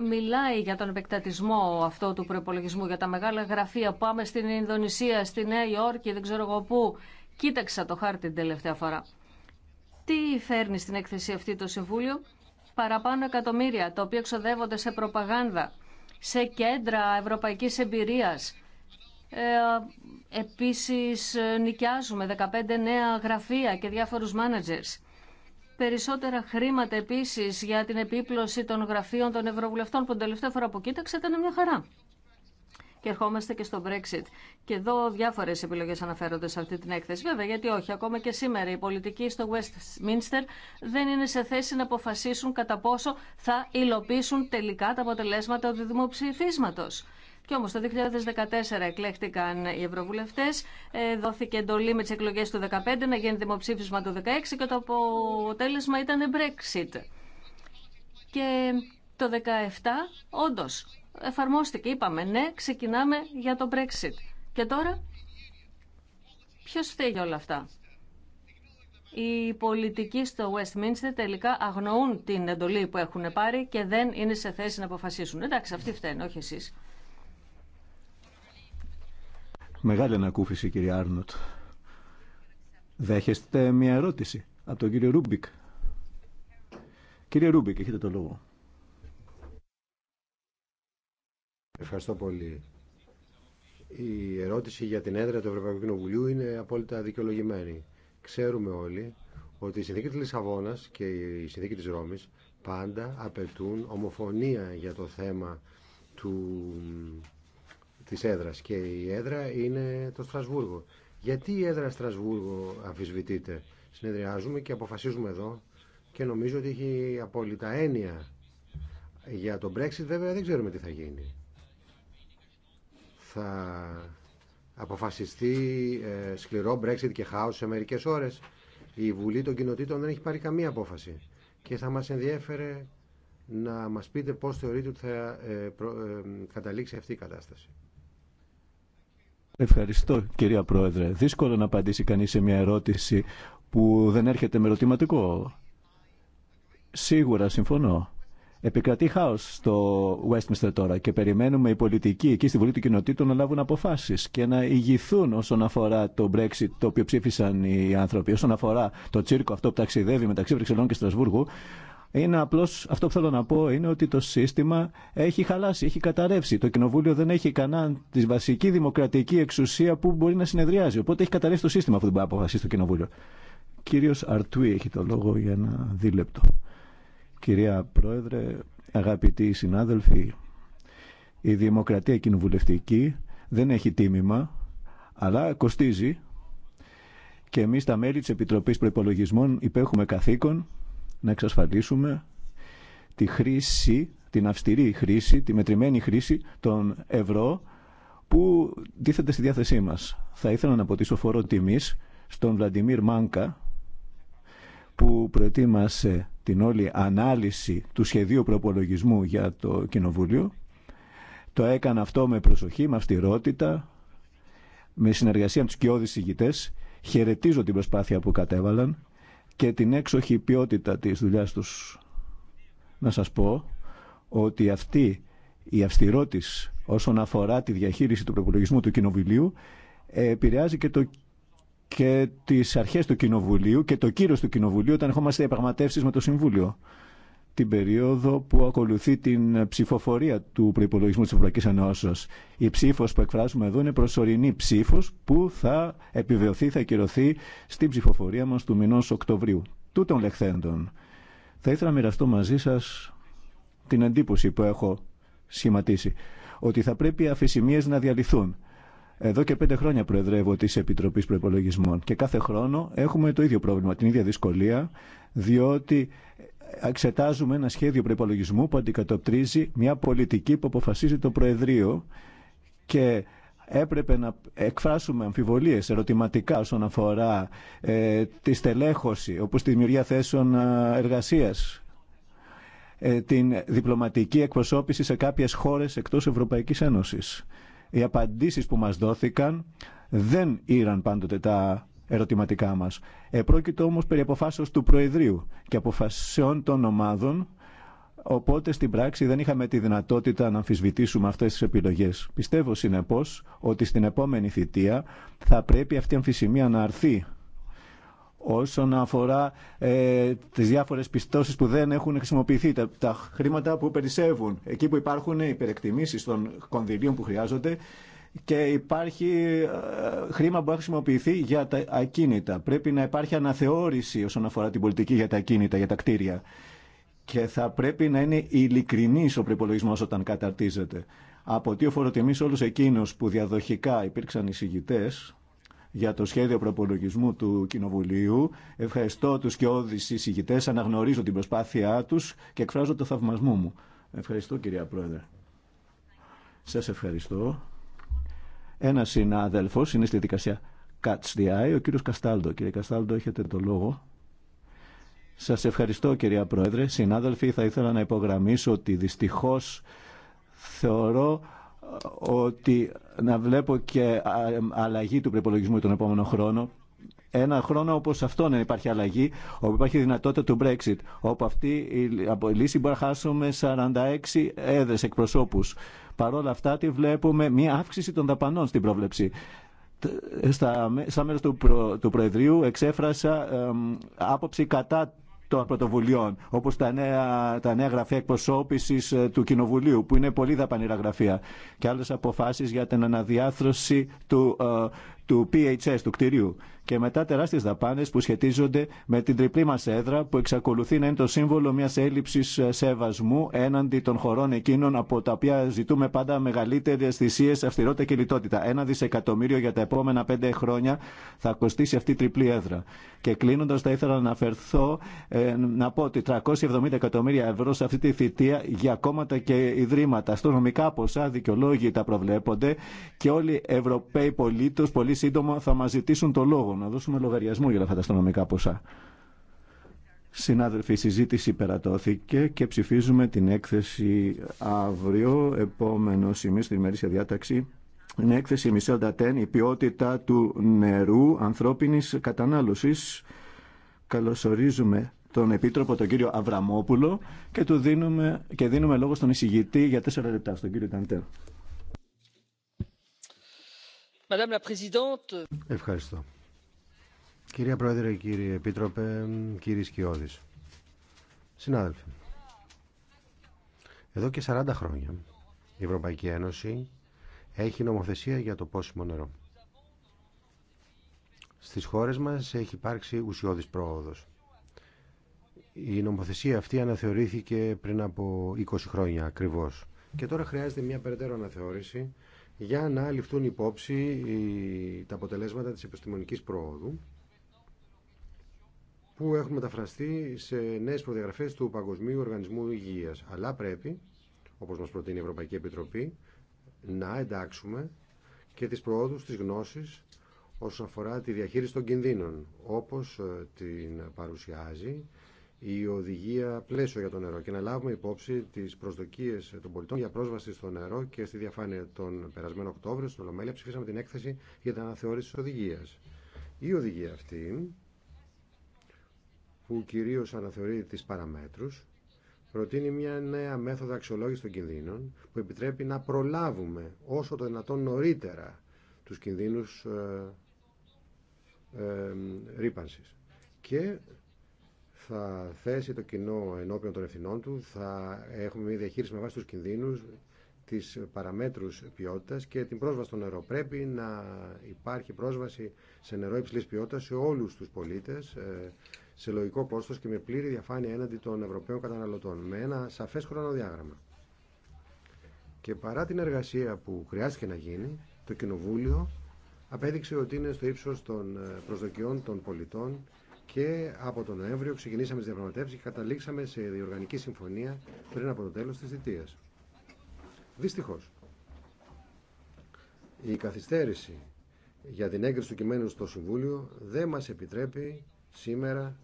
μιλάει για τον επεκτατισμό αυτό του προπολογισμού, για τα μεγάλα γραφεία. Πάμε στην Ινδονησία, στη Νέα Υόρκη, δεν ξέρω εγώ πού. Κοίταξα το χάρτη την τελευταία φορά. Τι φέρνει στην έκθεση αυτή το Συμβούλιο. Παραπάνω εκατομμύρια, τα οποία εξοδεύονται σε προπαγάνδα, σε κέντρα ευρωπαϊκής εμπειρίας. Ε, επίσης ε, νοικιάζουμε 15 νέα γραφεία και διάφορους managers. Περισσότερα χρήματα επίσης για την επίπλωση των γραφείων των Ευρωβουλευτών που την τελευταία φορά που κοίταξε ήταν μια χαρά. Και ερχόμαστε και στο Brexit. Και εδώ διάφορε επιλογέ αναφέρονται σε αυτή την έκθεση. Βέβαια, γιατί όχι. Ακόμα και σήμερα οι πολιτικοί στο Westminster δεν είναι σε θέση να αποφασίσουν κατά πόσο θα υλοποιήσουν τελικά τα αποτελέσματα του δημοψηφίσματο. Κι όμως το 2014 εκλέχτηκαν οι ευρωβουλευτές, ε, δόθηκε εντολή με τις εκλογές του 2015 να γίνει δημοψήφισμα του 2016 και το αποτέλεσμα ήταν Brexit. Και το 2017 όντως εφαρμόστηκε, είπαμε ναι, ξεκινάμε για το Brexit. Και τώρα ποιος φταίει για όλα αυτά. Οι πολιτικοί στο Westminster τελικά αγνοούν την εντολή που έχουν πάρει και δεν είναι σε θέση να αποφασίσουν. Εντάξει, αυτοί φταίνουν, όχι εσείς. Μεγάλη ανακούφιση, κύριε Άρνοτ. Δέχεστε μια ερώτηση από τον κύριο Ρούμπικ. Κύριε Ρούμπικ, έχετε το λόγο. Ευχαριστώ πολύ. Η ερώτηση για την έδρα του Ευρωπαϊκού Κοινοβουλίου είναι απόλυτα δικαιολογημένη. Ξέρουμε όλοι ότι η συνθήκη της Λισαβόνας και η συνθήκη της Ρώμης πάντα απαιτούν ομοφωνία για το θέμα του της έδρας και η έδρα είναι το Στρασβούργο. Γιατί η έδρα Στρασβούργο αμφισβητείται. Συνεδριάζουμε και αποφασίζουμε εδώ και νομίζω ότι έχει απόλυτα έννοια. Για το Brexit βέβαια δεν ξέρουμε τι θα γίνει. Θα αποφασιστεί ε, σκληρό Brexit και χάος σε μερικές ώρες. Η Βουλή των Κοινοτήτων δεν έχει πάρει καμία απόφαση. Και θα μας ενδιέφερε να μας πείτε πώς θεωρείτε ότι θα ε, ε, καταλήξει αυτή η κατάσταση. Ευχαριστώ κυρία Πρόεδρε. Δύσκολο να απαντήσει κανείς σε μια ερώτηση που δεν έρχεται με ερωτηματικό. Σίγουρα συμφωνώ. Επικρατεί χάο στο Westminster τώρα και περιμένουμε οι πολιτικοί εκεί στη Βουλή των Κοινοτήτων να λάβουν αποφάσει και να ηγηθούν όσον αφορά το Brexit το οποίο ψήφισαν οι άνθρωποι, όσον αφορά το τσίρκο αυτό που ταξιδεύει μεταξύ Βρυξελών και Στρασβούργου. Είναι απλώς, αυτό που θέλω να πω είναι ότι το σύστημα έχει χαλάσει, έχει καταρρεύσει. Το κοινοβούλιο δεν έχει κανέναν τη βασική δημοκρατική εξουσία που μπορεί να συνεδριάζει. Οπότε έχει καταρρεύσει το σύστημα αυτό που μπορεί να αποφασίσει το κοινοβούλιο. Κύριος Αρτουή έχει το λόγο για ένα δίλεπτο. Κυρία Πρόεδρε, αγαπητοί συνάδελφοι, η δημοκρατία κοινοβουλευτική δεν έχει τίμημα, αλλά κοστίζει και εμείς τα μέλη της Επιτροπής Προϋπολογισμών υπέχουμε καθήκον να εξασφαλίσουμε τη χρήση, την αυστηρή χρήση, τη μετρημένη χρήση των ευρώ που τίθεται στη διάθεσή μας. Θα ήθελα να αποτίσω φορό τιμής στον Βλαντιμίρ Μάνκα που προετοίμασε την όλη ανάλυση του σχεδίου προπολογισμού για το Κοινοβούλιο. Το έκανα αυτό με προσοχή, με αυστηρότητα, με συνεργασία με τους κοιόδης ηγητές. Χαιρετίζω την προσπάθεια που κατέβαλαν και την έξοχη ποιότητα της δουλειάς τους. Να σας πω ότι αυτή η αυστηρότης όσον αφορά τη διαχείριση του προπολογισμού του Κοινοβουλίου ε, επηρεάζει και, το, και τις αρχές του Κοινοβουλίου και το κύρος του Κοινοβουλίου όταν έχουμε διαπραγματεύσει με το Συμβούλιο την περίοδο που ακολουθεί την ψηφοφορία του προπολογισμού τη Ευρωπαϊκή Ενώσεω. Η ψήφο που εκφράζουμε εδώ είναι προσωρινή ψήφο που θα επιβεβαιωθεί, θα κυρωθεί στην ψηφοφορία μα του μηνό Οκτωβρίου. Τούτων λεχθέντων. Θα ήθελα να μοιραστώ μαζί σα την εντύπωση που έχω σχηματίσει. Ότι θα πρέπει οι να διαλυθούν. Εδώ και πέντε χρόνια προεδρεύω τη Επιτροπή Προπολογισμών και κάθε χρόνο έχουμε το ίδιο πρόβλημα, την ίδια δυσκολία, διότι εξετάζουμε ένα σχέδιο προπολογισμού που αντικατοπτρίζει μια πολιτική που αποφασίζει το Προεδρείο και έπρεπε να εκφράσουμε αμφιβολίες ερωτηματικά όσον αφορά ε, τη στελέχωση, όπως τη δημιουργία θέσεων ε, εργασίας, ε, την διπλωματική εκπροσώπηση σε κάποιες χώρες εκτός Ευρωπαϊκής Ένωσης. Οι απαντήσεις που μας δόθηκαν δεν ήραν πάντοτε τα ερωτηματικά μας. Ε, πρόκειται όμω περί αποφάσεως του Προεδρείου και αποφασιών των ομάδων, οπότε στην πράξη δεν είχαμε τη δυνατότητα να αμφισβητήσουμε αυτέ τι επιλογέ. Πιστεύω συνεπώ ότι στην επόμενη θητεία θα πρέπει αυτή η αμφισημία να αρθεί όσον αφορά ε, τις διάφορες πιστώσεις που δεν έχουν χρησιμοποιηθεί, τα, χρήματα που περισσεύουν, εκεί που υπάρχουν υπερεκτιμήσεις των κονδυλίων που χρειάζονται και υπάρχει ε, χρήμα που έχει χρησιμοποιηθεί για τα ακίνητα. Πρέπει να υπάρχει αναθεώρηση όσον αφορά την πολιτική για τα ακίνητα, για τα κτίρια. Και θα πρέπει να είναι ειλικρινή ο προπολογισμό όταν καταρτίζεται. Από τι αφορά τιμή όλου εκείνου που διαδοχικά υπήρξαν εισηγητέ για το σχέδιο προπολογισμού του Κοινοβουλίου, ευχαριστώ του και όδη εισηγητέ, αναγνωρίζω την προσπάθειά του και εκφράζω το θαυμασμό μου. Ευχαριστώ, κυρία Πρόεδρε. Σας ευχαριστώ. Ένα συνάδελφο είναι στη δικασία Catch the Eye, ο κύριος Καστάλντο. Κύριε Καστάλντο, έχετε το λόγο. Σας ευχαριστώ κυρία Πρόεδρε. Συνάδελφοι, θα ήθελα να υπογραμμίσω ότι δυστυχώς θεωρώ ε, ότι να βλέπω και ε, αλλαγή του προπολογισμού τον επόμενο χρόνο ένα χρόνο όπως αυτό να υπάρχει αλλαγή, όπου υπάρχει δυνατότητα του Brexit, όπου αυτή η λύση μπορεί να χάσουμε 46 έδρες εκπροσώπου. Παρ' όλα αυτά τη βλέπουμε μια αύξηση των δαπανών στην πρόβλεψη. Στα, στα του, προ, του Προεδρείου εξέφρασα άποψη κατά των πρωτοβουλειών, όπως τα νέα, τα νέα γραφεία εκπροσώπησης ε, του Κοινοβουλίου, που είναι πολύ δαπανηρά γραφεία, και άλλες αποφάσεις για την αναδιάθρωση του, ε, του PHS, του κτηρίου. Και μετά τεράστιε δαπάνε που σχετίζονται με την τριπλή μα έδρα που εξακολουθεί να είναι το σύμβολο μια έλλειψη ε, σεβασμού έναντι των χωρών εκείνων από τα οποία ζητούμε πάντα μεγαλύτερε θυσίε αυστηρότητα και λιτότητα. Ένα δισεκατομμύριο για τα επόμενα πέντε χρόνια θα κοστίσει αυτή η τριπλή έδρα. Και κλείνοντα, θα ήθελα να αναφερθώ ε, να πω ότι 370 εκατομμύρια ευρώ σε αυτή τη θητεία για κόμματα και ιδρύματα. Αστρονομικά ποσά δικαιολόγητα προβλέπονται και όλοι οι Ευρωπαίοι πολίτε, σύντομα θα μα ζητήσουν το λόγο να δώσουμε λογαριασμό για αυτά τα αστρονομικά ποσά. Συνάδελφοι, η συζήτηση περατώθηκε και ψηφίζουμε την έκθεση αύριο. Επόμενο σημείο στην ημερήσια διάταξη είναι έκθεση Μισελ Ντατέν, η ποιότητα του νερού ανθρώπινης κατανάλωσης. Καλωσορίζουμε τον Επίτροπο, τον κύριο Αβραμόπουλο και, του δίνουμε, και δίνουμε λόγο στον εισηγητή για τέσσερα λεπτά, στον κύριο Ταντέρ. Ευχαριστώ. Κυρία Πρόεδρε, κύριε Επίτροπε, κύριοι Σκιώδης, συνάδελφοι, εδώ και 40 χρόνια η Ευρωπαϊκή Ένωση έχει νομοθεσία για το πόσιμο νερό. Στις χώρες μας έχει υπάρξει ουσιώδης πρόοδος. Η νομοθεσία αυτή αναθεωρήθηκε πριν από 20 χρόνια ακριβώς και τώρα χρειάζεται μια περαιτέρω αναθεώρηση για να ληφθούν υπόψη τα αποτελέσματα της επιστημονικής πρόοδου που έχουν μεταφραστεί σε νέες προδιαγραφές του Παγκοσμίου Οργανισμού Υγείας. Αλλά πρέπει, όπως μας προτείνει η Ευρωπαϊκή Επιτροπή, να εντάξουμε και τις προόδους της γνώσης όσον αφορά τη διαχείριση των κινδύνων, όπως ε, την παρουσιάζει η οδηγία πλαίσιο για το νερό και να λάβουμε υπόψη τι προσδοκίε των πολιτών για πρόσβαση στο νερό και στη διαφάνεια. Τον περασμένο Οκτώβριο, στην Ολομέλεια, ψηφίσαμε την έκθεση για την αναθεώρηση τη οδηγία. Η οδηγία αυτή, που κυρίω αναθεωρεί τι παραμέτρου, προτείνει μια νέα μέθοδο αξιολόγηση των κινδύνων που επιτρέπει να προλάβουμε όσο το δυνατόν νωρίτερα τους κινδύνους ε, ε, ρήπανση. Και θα θέσει το κοινό ενώπιον των ευθυνών του, θα έχουμε μια διαχείριση με βάση τους κινδύνους, τις παραμέτρους ποιότητας και την πρόσβαση στο νερό. Πρέπει να υπάρχει πρόσβαση σε νερό υψηλής ποιότητας σε όλους τους πολίτες, ε, σε λογικό κόστος και με πλήρη διαφάνεια έναντι των Ευρωπαίων καταναλωτών, με ένα σαφές χρονοδιάγραμμα. Και παρά την εργασία που χρειάστηκε να γίνει, το Κοινοβούλιο απέδειξε ότι είναι στο ύψος των ε, προσδοκιών των πολιτών και από τον Νοέμβριο ξεκινήσαμε τι διαπραγματεύσει και καταλήξαμε σε διοργανική συμφωνία πριν από το τέλος της θητεία. Δυστυχώ. η καθυστέρηση για την έγκριση του κειμένου στο Συμβούλιο δεν μας επιτρέπει σήμερα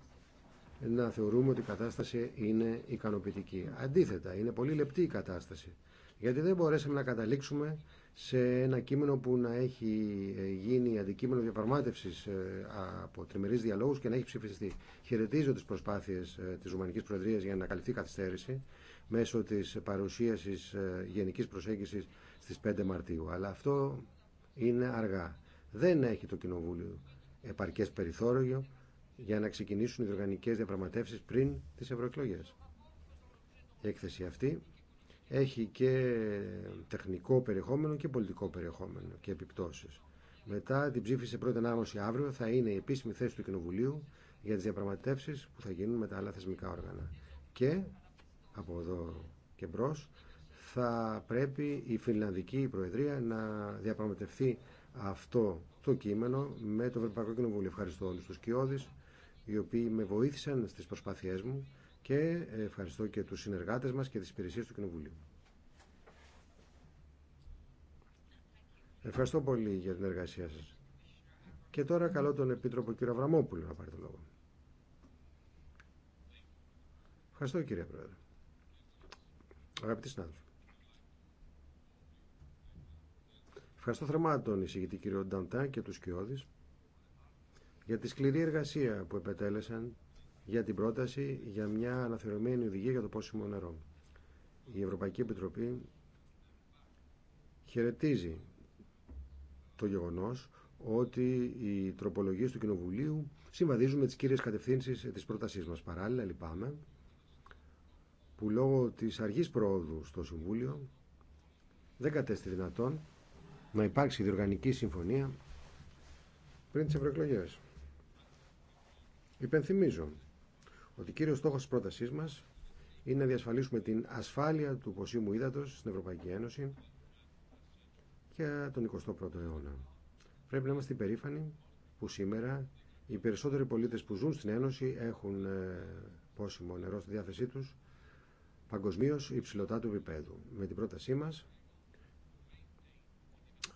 να θεωρούμε ότι η κατάσταση είναι ικανοποιητική. Αντίθετα, είναι πολύ λεπτή η κατάσταση, γιατί δεν μπορέσαμε να καταλήξουμε σε ένα κείμενο που να έχει ε, γίνει αντικείμενο διαπραγματεύση ε, από τριμερεί διαλόγους και να έχει ψηφιστεί. Χαιρετίζω τι προσπάθειες ε, της Ρουμανική Προεδρίας για να καλυφθεί καθυστέρηση μέσω της παρουσίασης γενικής προσέγγισης στις 5 Μαρτίου. Αλλά αυτό είναι αργά. Δεν έχει το Κοινοβούλιο επαρκές περιθώριο για να ξεκινήσουν οι διοργανικές διαπραγματεύσει πριν τι ευρωεκλογέ. Η έκθεση αυτή έχει και τεχνικό περιεχόμενο και πολιτικό περιεχόμενο και επιπτώσεις. Μετά την ψήφιση πρώτη ανάγνωση αύριο θα είναι η επίσημη θέση του Κοινοβουλίου για τις διαπραγματεύσεις που θα γίνουν με τα άλλα θεσμικά όργανα. Και από εδώ και μπρο θα πρέπει η Φιλανδική Προεδρία να διαπραγματευτεί αυτό το κείμενο με το Ευρωπαϊκό Κοινοβούλιο. Ευχαριστώ όλους τους κοιόδης οι οποίοι με βοήθησαν στις προσπάθειές μου και ευχαριστώ και τους συνεργάτες μας και τις υπηρεσίες του Κοινοβουλίου. Ευχαριστώ πολύ για την εργασία σας. Και τώρα καλώ τον Επίτροπο κύριο Αβραμόπουλο να πάρει το λόγο. Ευχαριστώ κύριε Πρόεδρε. Αγαπητοί συνάδελφοι. Ευχαριστώ θερμά τον εισηγητή κύριο Νταντά και τους Κιώδης για τη σκληρή εργασία που επετέλεσαν για την πρόταση για μια αναθεωρημένη οδηγία για το πόσιμο νερό. Η Ευρωπαϊκή Επιτροπή χαιρετίζει το γεγονός ότι οι τροπολογίες του Κοινοβουλίου συμβαδίζουν με τις κύριες κατευθύνσεις της πρότασής μας. Παράλληλα, λυπάμαι, που λόγω της αργής πρόοδου στο Συμβούλιο δεν κατέστη δυνατόν να υπάρξει διοργανική συμφωνία πριν τις ευρωεκλογές. Υπενθυμίζω ότι κύριο στόχο τη πρότασή μα είναι να διασφαλίσουμε την ασφάλεια του ποσίμου ύδατο στην Ευρωπαϊκή Ένωση και τον 21ο αιώνα. Πρέπει να είμαστε υπερήφανοι που σήμερα οι περισσότεροι πολίτε που ζουν στην Ένωση έχουν ε, πόσιμο νερό στη διάθεσή τους παγκοσμίω υψηλωτά του επίπεδου. Με την πρότασή μα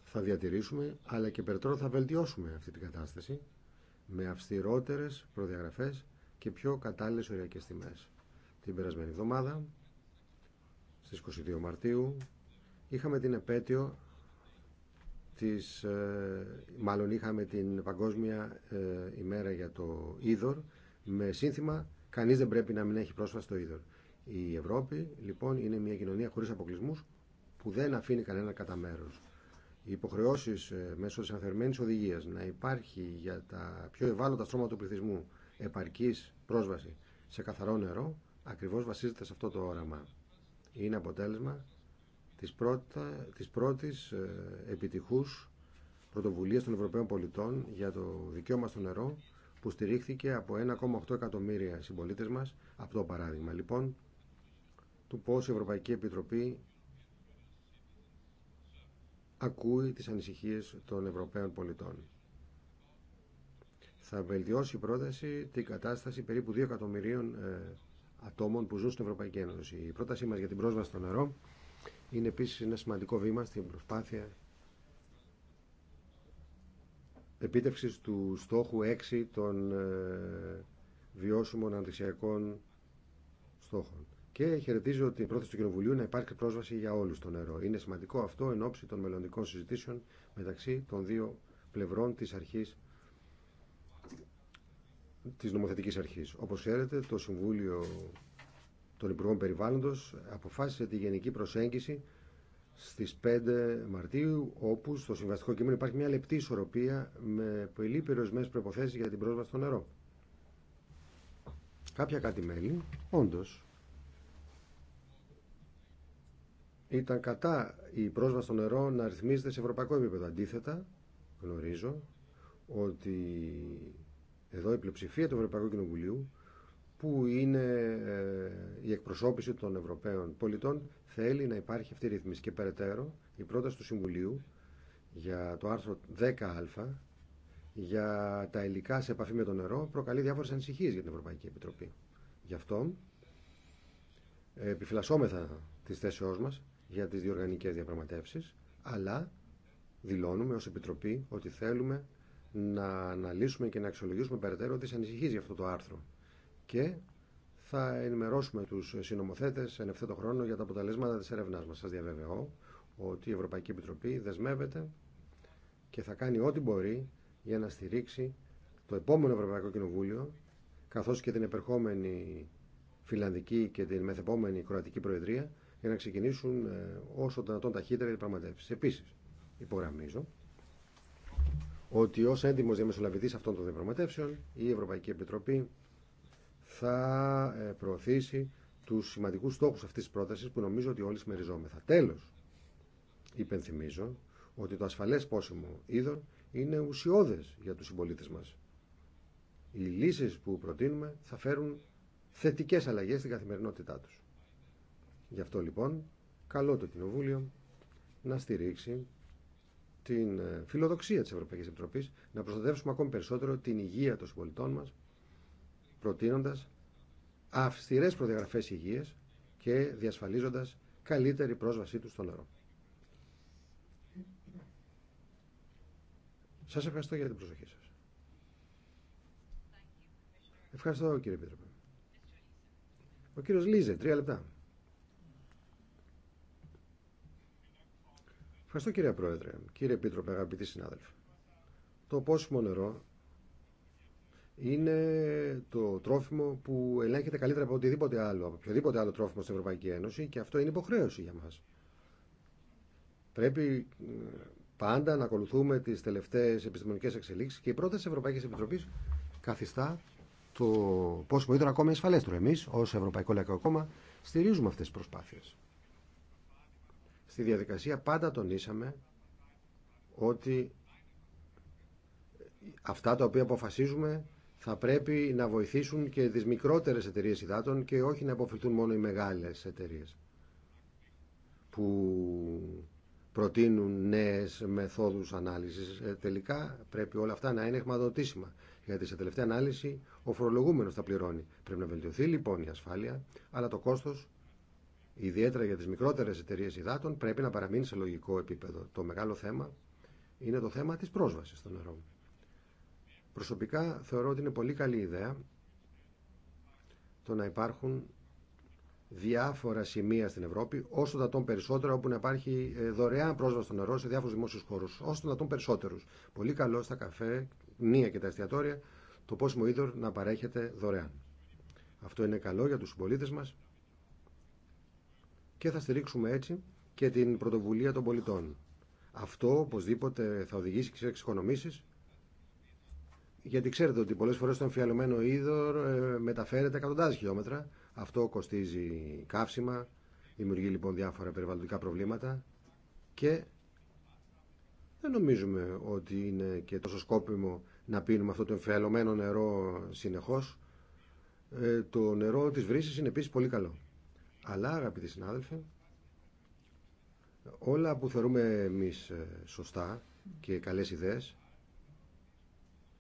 θα διατηρήσουμε αλλά και περαιτέρω θα βελτιώσουμε αυτή την κατάσταση με αυστηρότερες προδιαγραφές και πιο κατάλληλες οριακές τιμές. Την περασμένη εβδομάδα, στις 22 Μαρτίου, είχαμε την επέτειο της, ε, μάλλον είχαμε την Παγκόσμια ε, ημέρα για το Ίδωρ με σύνθημα «Κανείς δεν πρέπει να μην έχει πρόσβαση στο Ίδωρ». Η Ευρώπη, λοιπόν, είναι μια κοινωνία χωρίς αποκλεισμού που δεν αφήνει κανένα κατά μέρο. Οι υποχρεώσει ε, μέσω τη αναθερμένη οδηγία να υπάρχει για τα πιο ευάλωτα στρώματα του πληθυσμού επαρκής πρόσβαση σε καθαρό νερό ακριβώς βασίζεται σε αυτό το όραμα. Είναι αποτέλεσμα της, πρώτη της πρώτης ε, επιτυχούς πρωτοβουλίας των Ευρωπαίων πολιτών για το δικαίωμα στο νερό που στηρίχθηκε από 1,8 εκατομμύρια συμπολίτες μας από παράδειγμα λοιπόν του πώς η Ευρωπαϊκή Επιτροπή ακούει τις ανησυχίες των Ευρωπαίων πολιτών. Θα βελτιώσει η πρόταση την κατάσταση περίπου 2 εκατομμυρίων ε, ατόμων που ζουν στην Ευρωπαϊκή Ένωση. Η πρότασή μα για την πρόσβαση στο νερό είναι επίση ένα σημαντικό βήμα στην προσπάθεια επίτευξη του στόχου 6 των ε, βιώσιμων αναπτυξιακών στόχων. Και χαιρετίζω την πρόταση του Κοινοβουλίου να υπάρχει πρόσβαση για όλου στο νερό. Είναι σημαντικό αυτό εν ώψη των μελλοντικών συζητήσεων μεταξύ των δύο πλευρών τη αρχή της νομοθετικής αρχής. Όπως ξέρετε, το Συμβούλιο των Υπουργών Περιβάλλοντος αποφάσισε τη γενική προσέγγιση στις 5 Μαρτίου, όπου στο συμβαστικό κείμενο υπάρχει μια λεπτή ισορροπία με πολύ περιορισμένε προποθέσει για την πρόσβαση στο νερό. Κάποια κάτι μέλη, όντω, ήταν κατά η πρόσβαση στο νερό να ρυθμίζεται σε ευρωπαϊκό επίπεδο. Αντίθετα, γνωρίζω ότι εδώ η πλειοψηφία του Ευρωπαϊκού Κοινοβουλίου που είναι ε, η εκπροσώπηση των Ευρωπαίων πολιτών θέλει να υπάρχει αυτή η ρύθμιση και περαιτέρω η πρόταση του Συμβουλίου για το άρθρο 10α για τα υλικά σε επαφή με το νερό προκαλεί διάφορες ανησυχίες για την Ευρωπαϊκή Επιτροπή. Γι' αυτό ε, επιφυλασσόμεθα τις θέσεώ μας για τις διοργανικές διαπραγματεύσεις αλλά δηλώνουμε ως Επιτροπή ότι θέλουμε να αναλύσουμε και να αξιολογήσουμε περαιτέρω τι ανησυχίε για αυτό το άρθρο. Και θα ενημερώσουμε του συνομοθέτε εν ευθέτω χρόνο για τα αποτελέσματα τη έρευνά μα. Σα διαβεβαιώ ότι η Ευρωπαϊκή Επιτροπή δεσμεύεται και θα κάνει ό,τι μπορεί για να στηρίξει το επόμενο Ευρωπαϊκό Κοινοβούλιο καθώς και την επερχόμενη Φιλανδική και την μεθεπόμενη Κροατική Προεδρία για να ξεκινήσουν ε, όσο το δυνατόν ταχύτερα οι πραγματεύσει. Επίση, υπογραμμίζω ότι ως έντιμος διαμεσολαβητής αυτών των διαπραγματεύσεων η Ευρωπαϊκή Επιτροπή θα ε, προωθήσει τους σημαντικούς στόχους αυτής της πρότασης που νομίζω ότι όλοι συμμεριζόμεθα. Τέλος, υπενθυμίζω ότι το ασφαλές πόσιμο είδων είναι ουσιώδες για τους συμπολίτε μας. Οι λύσεις που προτείνουμε θα φέρουν θετικές αλλαγές στην καθημερινότητά τους. Γι' αυτό λοιπόν καλό το Κοινοβούλιο να στηρίξει την ε, φιλοδοξία της Ευρωπαϊκής Επιτροπής να προστατεύσουμε ακόμη περισσότερο την υγεία των συμπολιτών μας προτείνοντας αυστηρές προδιαγραφές υγείας και διασφαλίζοντας καλύτερη πρόσβασή τους στο νερό. Σας ευχαριστώ για την προσοχή σας. Ευχαριστώ κύριε Επίτροπε. Ο κύριος Λίζε, τρία λεπτά. Ευχαριστώ κύριε Πρόεδρε, κύριε Επίτροπε, αγαπητοί συνάδελφοι. Το πόσιμο νερό είναι το τρόφιμο που ελέγχεται καλύτερα από οτιδήποτε άλλο, από οποιοδήποτε άλλο τρόφιμο στην Ευρωπαϊκή Ένωση και αυτό είναι υποχρέωση για μας. Πρέπει ε, πάντα να ακολουθούμε τις τελευταίες επιστημονικές εξελίξεις και η πρόταση της Ευρωπαϊκής Επιτροπής καθιστά το πόσιμο νερό ακόμα ασφαλέστερο. Εμείς ως Ευρωπαϊκό Λαϊκό Κόμμα στηρίζουμε αυτές τις προσπάθειες. Στη διαδικασία πάντα τονίσαμε ότι αυτά τα οποία αποφασίζουμε θα πρέπει να βοηθήσουν και τις μικρότερες εταιρείες υδάτων και όχι να υποφελθούν μόνο οι μεγάλες εταιρείες που προτείνουν νέες μεθόδους ανάλυσης. Ε, τελικά πρέπει όλα αυτά να είναι χρηματοδοτήσιμα. Γιατί σε τελευταία ανάλυση ο φορολογούμενος τα πληρώνει. Πρέπει να βελτιωθεί λοιπόν η ασφάλεια, αλλά το κόστος ιδιαίτερα για τις μικρότερες εταιρείες υδάτων, πρέπει να παραμείνει σε λογικό επίπεδο. Το μεγάλο θέμα είναι το θέμα της πρόσβασης στο νερό. Προσωπικά θεωρώ ότι είναι πολύ καλή ιδέα το να υπάρχουν διάφορα σημεία στην Ευρώπη, όσο να τον περισσότερα, όπου να υπάρχει ε, δωρεάν πρόσβαση στο νερό σε διάφορου δημόσιου χώρου. Όσο να τον περισσότερου. Πολύ καλό στα καφέ, νύα και τα εστιατόρια, το πόσιμο είδωρ να παρέχεται δωρεάν. Αυτό είναι καλό για του συμπολίτε μα και θα στηρίξουμε έτσι και την πρωτοβουλία των πολιτών. Αυτό οπωσδήποτε θα οδηγήσει σε εξοικονομήσεις γιατί ξέρετε ότι πολλές φορές το εμφιαλωμένο είδωρ ε, μεταφέρεται εκατοντάδες χιλιόμετρα. Αυτό κοστίζει καύσιμα, δημιουργεί λοιπόν διάφορα περιβαλλοντικά προβλήματα και δεν νομίζουμε ότι είναι και τόσο σκόπιμο να πίνουμε αυτό το εμφιαλωμένο νερό συνεχώς. Ε, το νερό της βρύσης είναι επίσης πολύ καλό. Αλλά αγαπητοί συνάδελφοι, όλα που θεωρούμε εμείς ε, σωστά και καλές ιδέες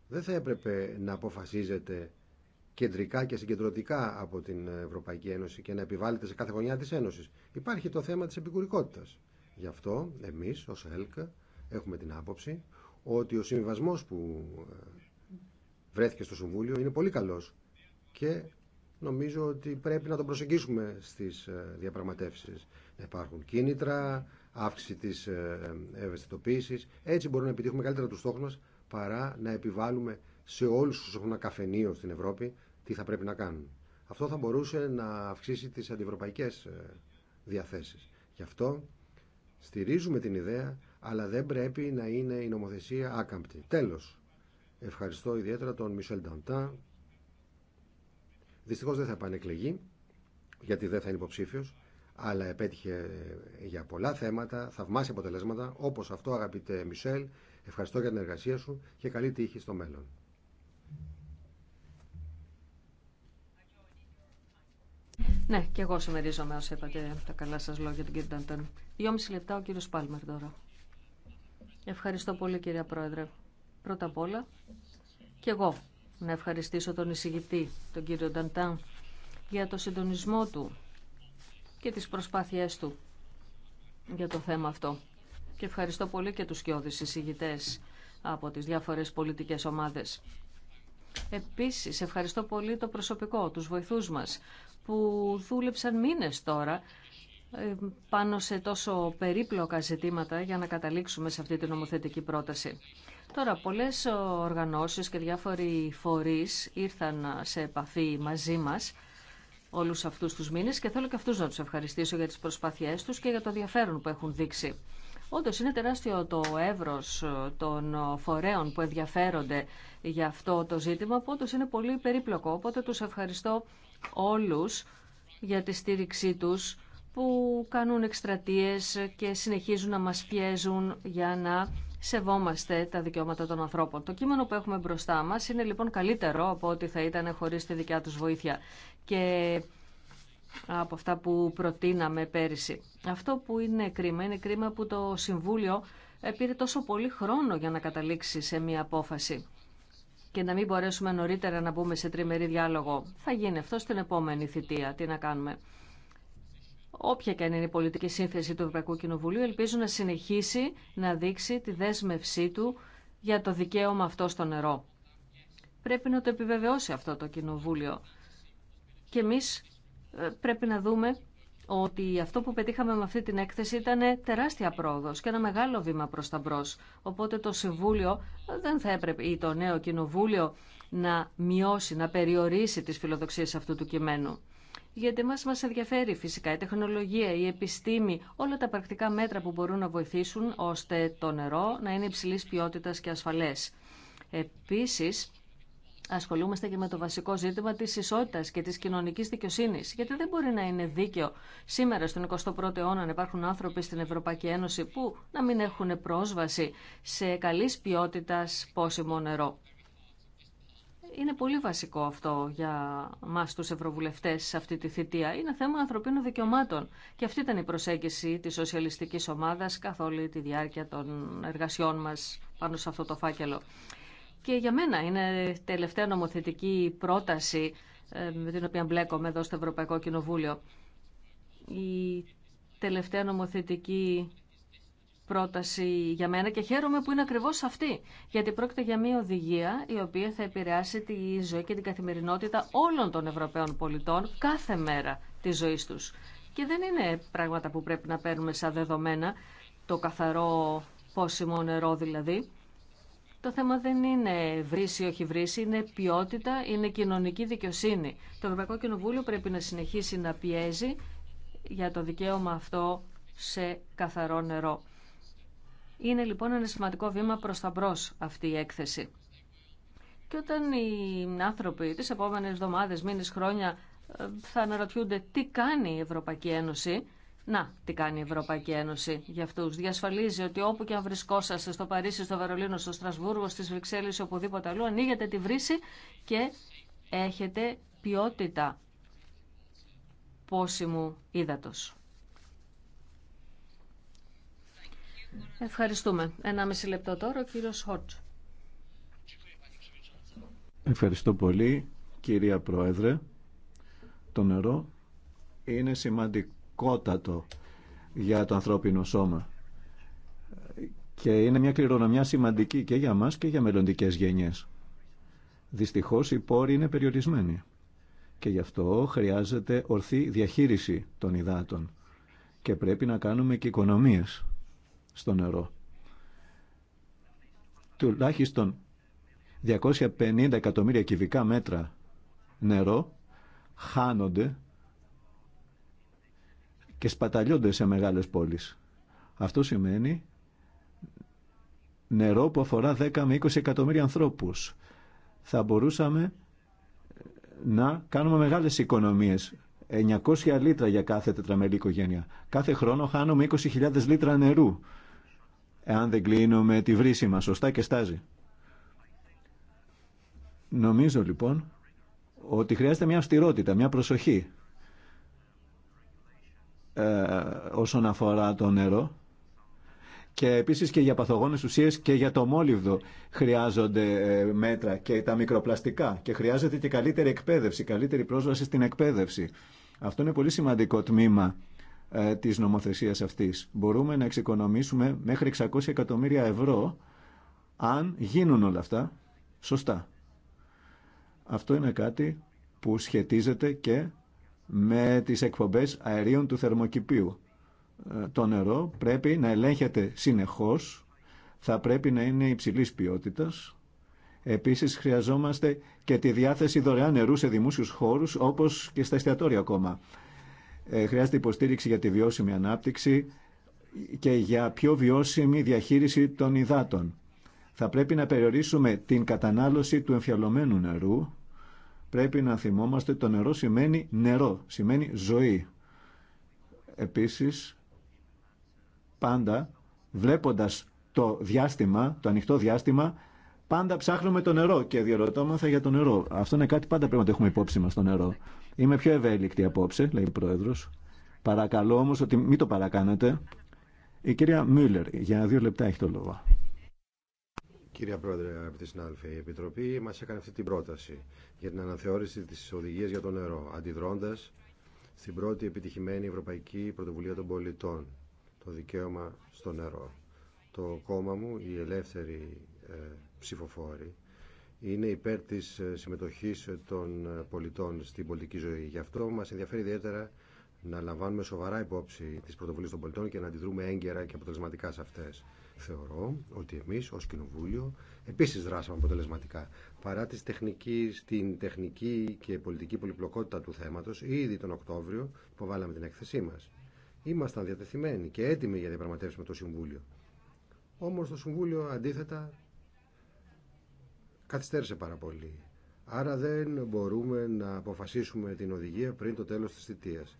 δεν θα έπρεπε να αποφασίζεται κεντρικά και συγκεντρωτικά από την Ευρωπαϊκή Ένωση και να επιβάλλεται σε κάθε γωνιά της Ένωσης. Υπάρχει το θέμα της επικουρικότητας. Γι' αυτό εμείς ως ΕΛΚ έχουμε την άποψη ότι ο συμβιβασμός που ε, βρέθηκε στο Συμβούλιο είναι πολύ καλός και νομίζω ότι πρέπει να τον προσεγγίσουμε στις ε, διαπραγματεύσεις. Να υπάρχουν κίνητρα, αύξηση της ε, ε, ευαισθητοποίησης. Έτσι μπορούμε να επιτύχουμε καλύτερα τους στόχους μας παρά να επιβάλλουμε σε όλους τους έχουν ένα καφενείο στην Ευρώπη τι θα πρέπει να κάνουν. Αυτό θα μπορούσε να αυξήσει τις αντιευρωπαϊκές διαθέσεις. Γι' αυτό στηρίζουμε την ιδέα, αλλά δεν πρέπει να είναι η νομοθεσία άκαμπτη. Τέλος, ευχαριστώ ιδιαίτερα τον Μισελ Νταντά, Δυστυχώ δεν θα επανεκλεγεί, γιατί δεν θα είναι υποψήφιο, αλλά επέτυχε για πολλά θέματα, θαυμάσια αποτελέσματα, όπως αυτό αγαπητέ Μισελ, ευχαριστώ για την εργασία σου και καλή τύχη στο μέλλον. Ναι, και εγώ συμμερίζομαι όσο είπατε τα καλά σας λόγια του κύριου Δύο μισή λεπτά ο κύριος Πάλμερ τώρα. Ευχαριστώ πολύ κυρία Πρόεδρε. Πρώτα απ' όλα και εγώ να ευχαριστήσω τον εισηγητή, τον κύριο Νταντάν, για το συντονισμό του και τις προσπάθειές του για το θέμα αυτό. Και ευχαριστώ πολύ και τους κοιόδης εισηγητές από τις διάφορες πολιτικές ομάδες. Επίσης, ευχαριστώ πολύ το προσωπικό, τους βοηθούς μας, που δούλεψαν μήνες τώρα ε, πάνω σε τόσο περίπλοκα ζητήματα για να καταλήξουμε σε αυτή την νομοθετική πρόταση. Τώρα, πολλές οργανώσεις και διάφοροι φορείς ήρθαν σε επαφή μαζί μας όλους αυτούς τους μήνες και θέλω και αυτούς να τους ευχαριστήσω για τις προσπάθειές τους και για το ενδιαφέρον που έχουν δείξει. Όντως είναι τεράστιο το εύρος των φορέων που ενδιαφέρονται για αυτό το ζήτημα που όντως είναι πολύ περίπλοκο. Οπότε τους ευχαριστώ όλους για τη στήριξή τους που κάνουν εκστρατείες και συνεχίζουν να μας πιέζουν για να σεβόμαστε τα δικαιώματα των ανθρώπων. Το κείμενο που έχουμε μπροστά μας είναι λοιπόν καλύτερο από ό,τι θα ήταν χωρίς τη δικιά τους βοήθεια και από αυτά που προτείναμε πέρυσι. Αυτό που είναι κρίμα, είναι κρίμα που το Συμβούλιο ε, πήρε τόσο πολύ χρόνο για να καταλήξει σε μία απόφαση και να μην μπορέσουμε νωρίτερα να μπούμε σε τριμερή διάλογο. Θα γίνει αυτό στην επόμενη θητεία. Τι να κάνουμε. Όποια και αν είναι η πολιτική σύνθεση του Ευρωπαϊκού Κοινοβουλίου, ελπίζω να συνεχίσει να δείξει τη δέσμευσή του για το δικαίωμα αυτό στο νερό. Πρέπει να το επιβεβαιώσει αυτό το Κοινοβούλιο. Και εμείς ε, πρέπει να δούμε ότι αυτό που πετύχαμε με αυτή την έκθεση ήταν τεράστια πρόοδος και ένα μεγάλο βήμα προς τα μπρος. Οπότε το Συμβούλιο ε, δεν θα έπρεπε ή το νέο Κοινοβούλιο να μειώσει, να περιορίσει τις φιλοδοξίες αυτού του κειμένου γιατί μας, μας ενδιαφέρει φυσικά η τεχνολογία, η επιστήμη, όλα τα πρακτικά μέτρα που μπορούν να βοηθήσουν ώστε το νερό να είναι υψηλής ποιότητας και ασφαλές. Επίσης, ασχολούμαστε και με το βασικό ζήτημα της ισότητας και της κοινωνικής δικαιοσύνης, γιατί δεν μπορεί να είναι δίκαιο σήμερα στον 21ο αιώνα να υπάρχουν άνθρωποι στην Ευρωπαϊκή Ένωση που να μην έχουν πρόσβαση σε καλής ποιότητας πόσιμο νερό είναι πολύ βασικό αυτό για μας τους ευρωβουλευτές σε αυτή τη θητεία. Είναι θέμα ανθρωπίνων δικαιωμάτων. Και αυτή ήταν η προσέγγιση της σοσιαλιστικής ομάδας καθ' όλη τη διάρκεια των εργασιών μας πάνω σε αυτό το φάκελο. Και για μένα είναι τελευταία νομοθετική πρόταση ε, με την οποία μπλέκομαι εδώ στο Ευρωπαϊκό Κοινοβούλιο. Η τελευταία νομοθετική πρόταση για μένα και χαίρομαι που είναι ακριβώς αυτή. Γιατί πρόκειται για μια οδηγία η οποία θα επηρεάσει τη ζωή και την καθημερινότητα όλων των Ευρωπαίων πολιτών κάθε μέρα της ζωής τους. Και δεν είναι πράγματα που πρέπει να παίρνουμε σαν δεδομένα, το καθαρό πόσιμο νερό δηλαδή. Το θέμα δεν είναι βρύση ή όχι βρύση, είναι ποιότητα, είναι κοινωνική δικαιοσύνη. Το Ευρωπαϊκό Κοινοβούλιο πρέπει να συνεχίσει να πιέζει για το δικαίωμα αυτό σε καθαρό νερό. Είναι λοιπόν ένα σημαντικό βήμα προς τα μπρος αυτή η έκθεση. Και όταν οι άνθρωποι τις επόμενες εβδομάδες, μήνες, χρόνια ε, θα αναρωτιούνται τι κάνει η Ευρωπαϊκή Ένωση, να, τι κάνει η Ευρωπαϊκή Ένωση για αυτού. Διασφαλίζει ότι όπου και αν βρισκόσαστε, στο Παρίσι, στο Βερολίνο, στο Στρασβούργο, στι Βρυξέλλε, οπουδήποτε αλλού, ανοίγετε τη βρύση και έχετε ποιότητα πόσιμου ύδατος. Ευχαριστούμε. Ένα μισή λεπτό τώρα, ο κύριος Χότ. Ευχαριστώ πολύ, κυρία Πρόεδρε. Το νερό είναι σημαντικότατο για το ανθρώπινο σώμα. Και είναι μια κληρονομιά σημαντική και για μας και για μελλοντικές γενιές. Δυστυχώς οι πόροι είναι περιορισμένοι. Και γι' αυτό χρειάζεται ορθή διαχείριση των υδάτων. Και πρέπει να κάνουμε και οικονομίες στο νερό. Τουλάχιστον 250 εκατομμύρια κυβικά μέτρα νερό χάνονται και σπαταλιώνται σε μεγάλες πόλεις. Αυτό σημαίνει νερό που αφορά 10 με 20 εκατομμύρια ανθρώπους. Θα μπορούσαμε να κάνουμε μεγάλες οικονομίες. 900 λίτρα για κάθε τετραμελή οικογένεια. Κάθε χρόνο χάνουμε 20.000 λίτρα νερού εάν δεν κλείνουμε τη βρύση μας σωστά και στάζει. Νομίζω λοιπόν ότι χρειάζεται μια αυστηρότητα, μια προσοχή ε, όσον αφορά το νερό και επίσης και για παθογόνες ουσίες και για το μόλιβδο χρειάζονται ε, μέτρα και τα μικροπλαστικά και χρειάζεται και καλύτερη εκπαίδευση, καλύτερη πρόσβαση στην εκπαίδευση. Αυτό είναι πολύ σημαντικό τμήμα ε, της νομοθεσίας αυτής. Μπορούμε να εξοικονομήσουμε μέχρι 600 εκατομμύρια ευρώ αν γίνουν όλα αυτά σωστά. Αυτό είναι κάτι που σχετίζεται και με τις εκπομπές αερίων του θερμοκηπίου. Ε, το νερό πρέπει να ελέγχεται συνεχώς, θα πρέπει να είναι υψηλής ποιότητας. Επίσης χρειαζόμαστε και τη διάθεση δωρεάν νερού σε δημόσιους χώρους όπως και στα εστιατόρια ακόμα. Ε, χρειάζεται υποστήριξη για τη βιώσιμη ανάπτυξη και για πιο βιώσιμη διαχείριση των υδάτων. Θα πρέπει να περιορίσουμε την κατανάλωση του εμφιαλωμένου νερού. Πρέπει να θυμόμαστε το νερό σημαίνει νερό, σημαίνει ζωή. Επίσης, πάντα βλέποντας το διάστημα, το ανοιχτό διάστημα, πάντα ψάχνουμε το νερό και διαρωτώμαθα για το νερό. Αυτό είναι κάτι πάντα πρέπει να το έχουμε υπόψη μας το νερό. Είμαι πιο ευέλικτη απόψε, λέει ο Πρόεδρο. Παρακαλώ όμω ότι μην το παρακάνετε. Η κυρία Μούλερ, για δύο λεπτά έχει το λόγο. Κύριε Πρόεδρε, αγαπητοί συνάδελφοι, η Επιτροπή μα έκανε αυτή την πρόταση για την αναθεώρηση τη οδηγία για το νερό, αντιδρώντα στην πρώτη επιτυχημένη Ευρωπαϊκή Πρωτοβουλία των Πολιτών, το δικαίωμα στο νερό. Το κόμμα μου, οι ελεύθεροι ε, ψηφοφόροι, είναι υπέρ τη ε, συμμετοχής ε, των ε, πολιτών στην πολιτική ζωή. Γι' αυτό μα ενδιαφέρει ιδιαίτερα να λαμβάνουμε σοβαρά υπόψη τις πρωτοβουλίε των πολιτών και να αντιδρούμε έγκαιρα και αποτελεσματικά σε αυτές. Θεωρώ ότι εμεί, ω Κοινοβούλιο επίση δράσαμε αποτελεσματικά. Παρά τις τεχνικής, την τεχνική και πολιτική πολυπλοκότητα του θέματο, ήδη τον Οκτώβριο υποβάλαμε την έκθεσή μα. Ήμασταν διατεθειμένοι και έτοιμοι για να με το Συμβούλιο. Όμω το Συμβούλιο αντίθετα καθυστέρησε πάρα πολύ. Άρα δεν μπορούμε να αποφασίσουμε την οδηγία πριν το τέλος της θητείας.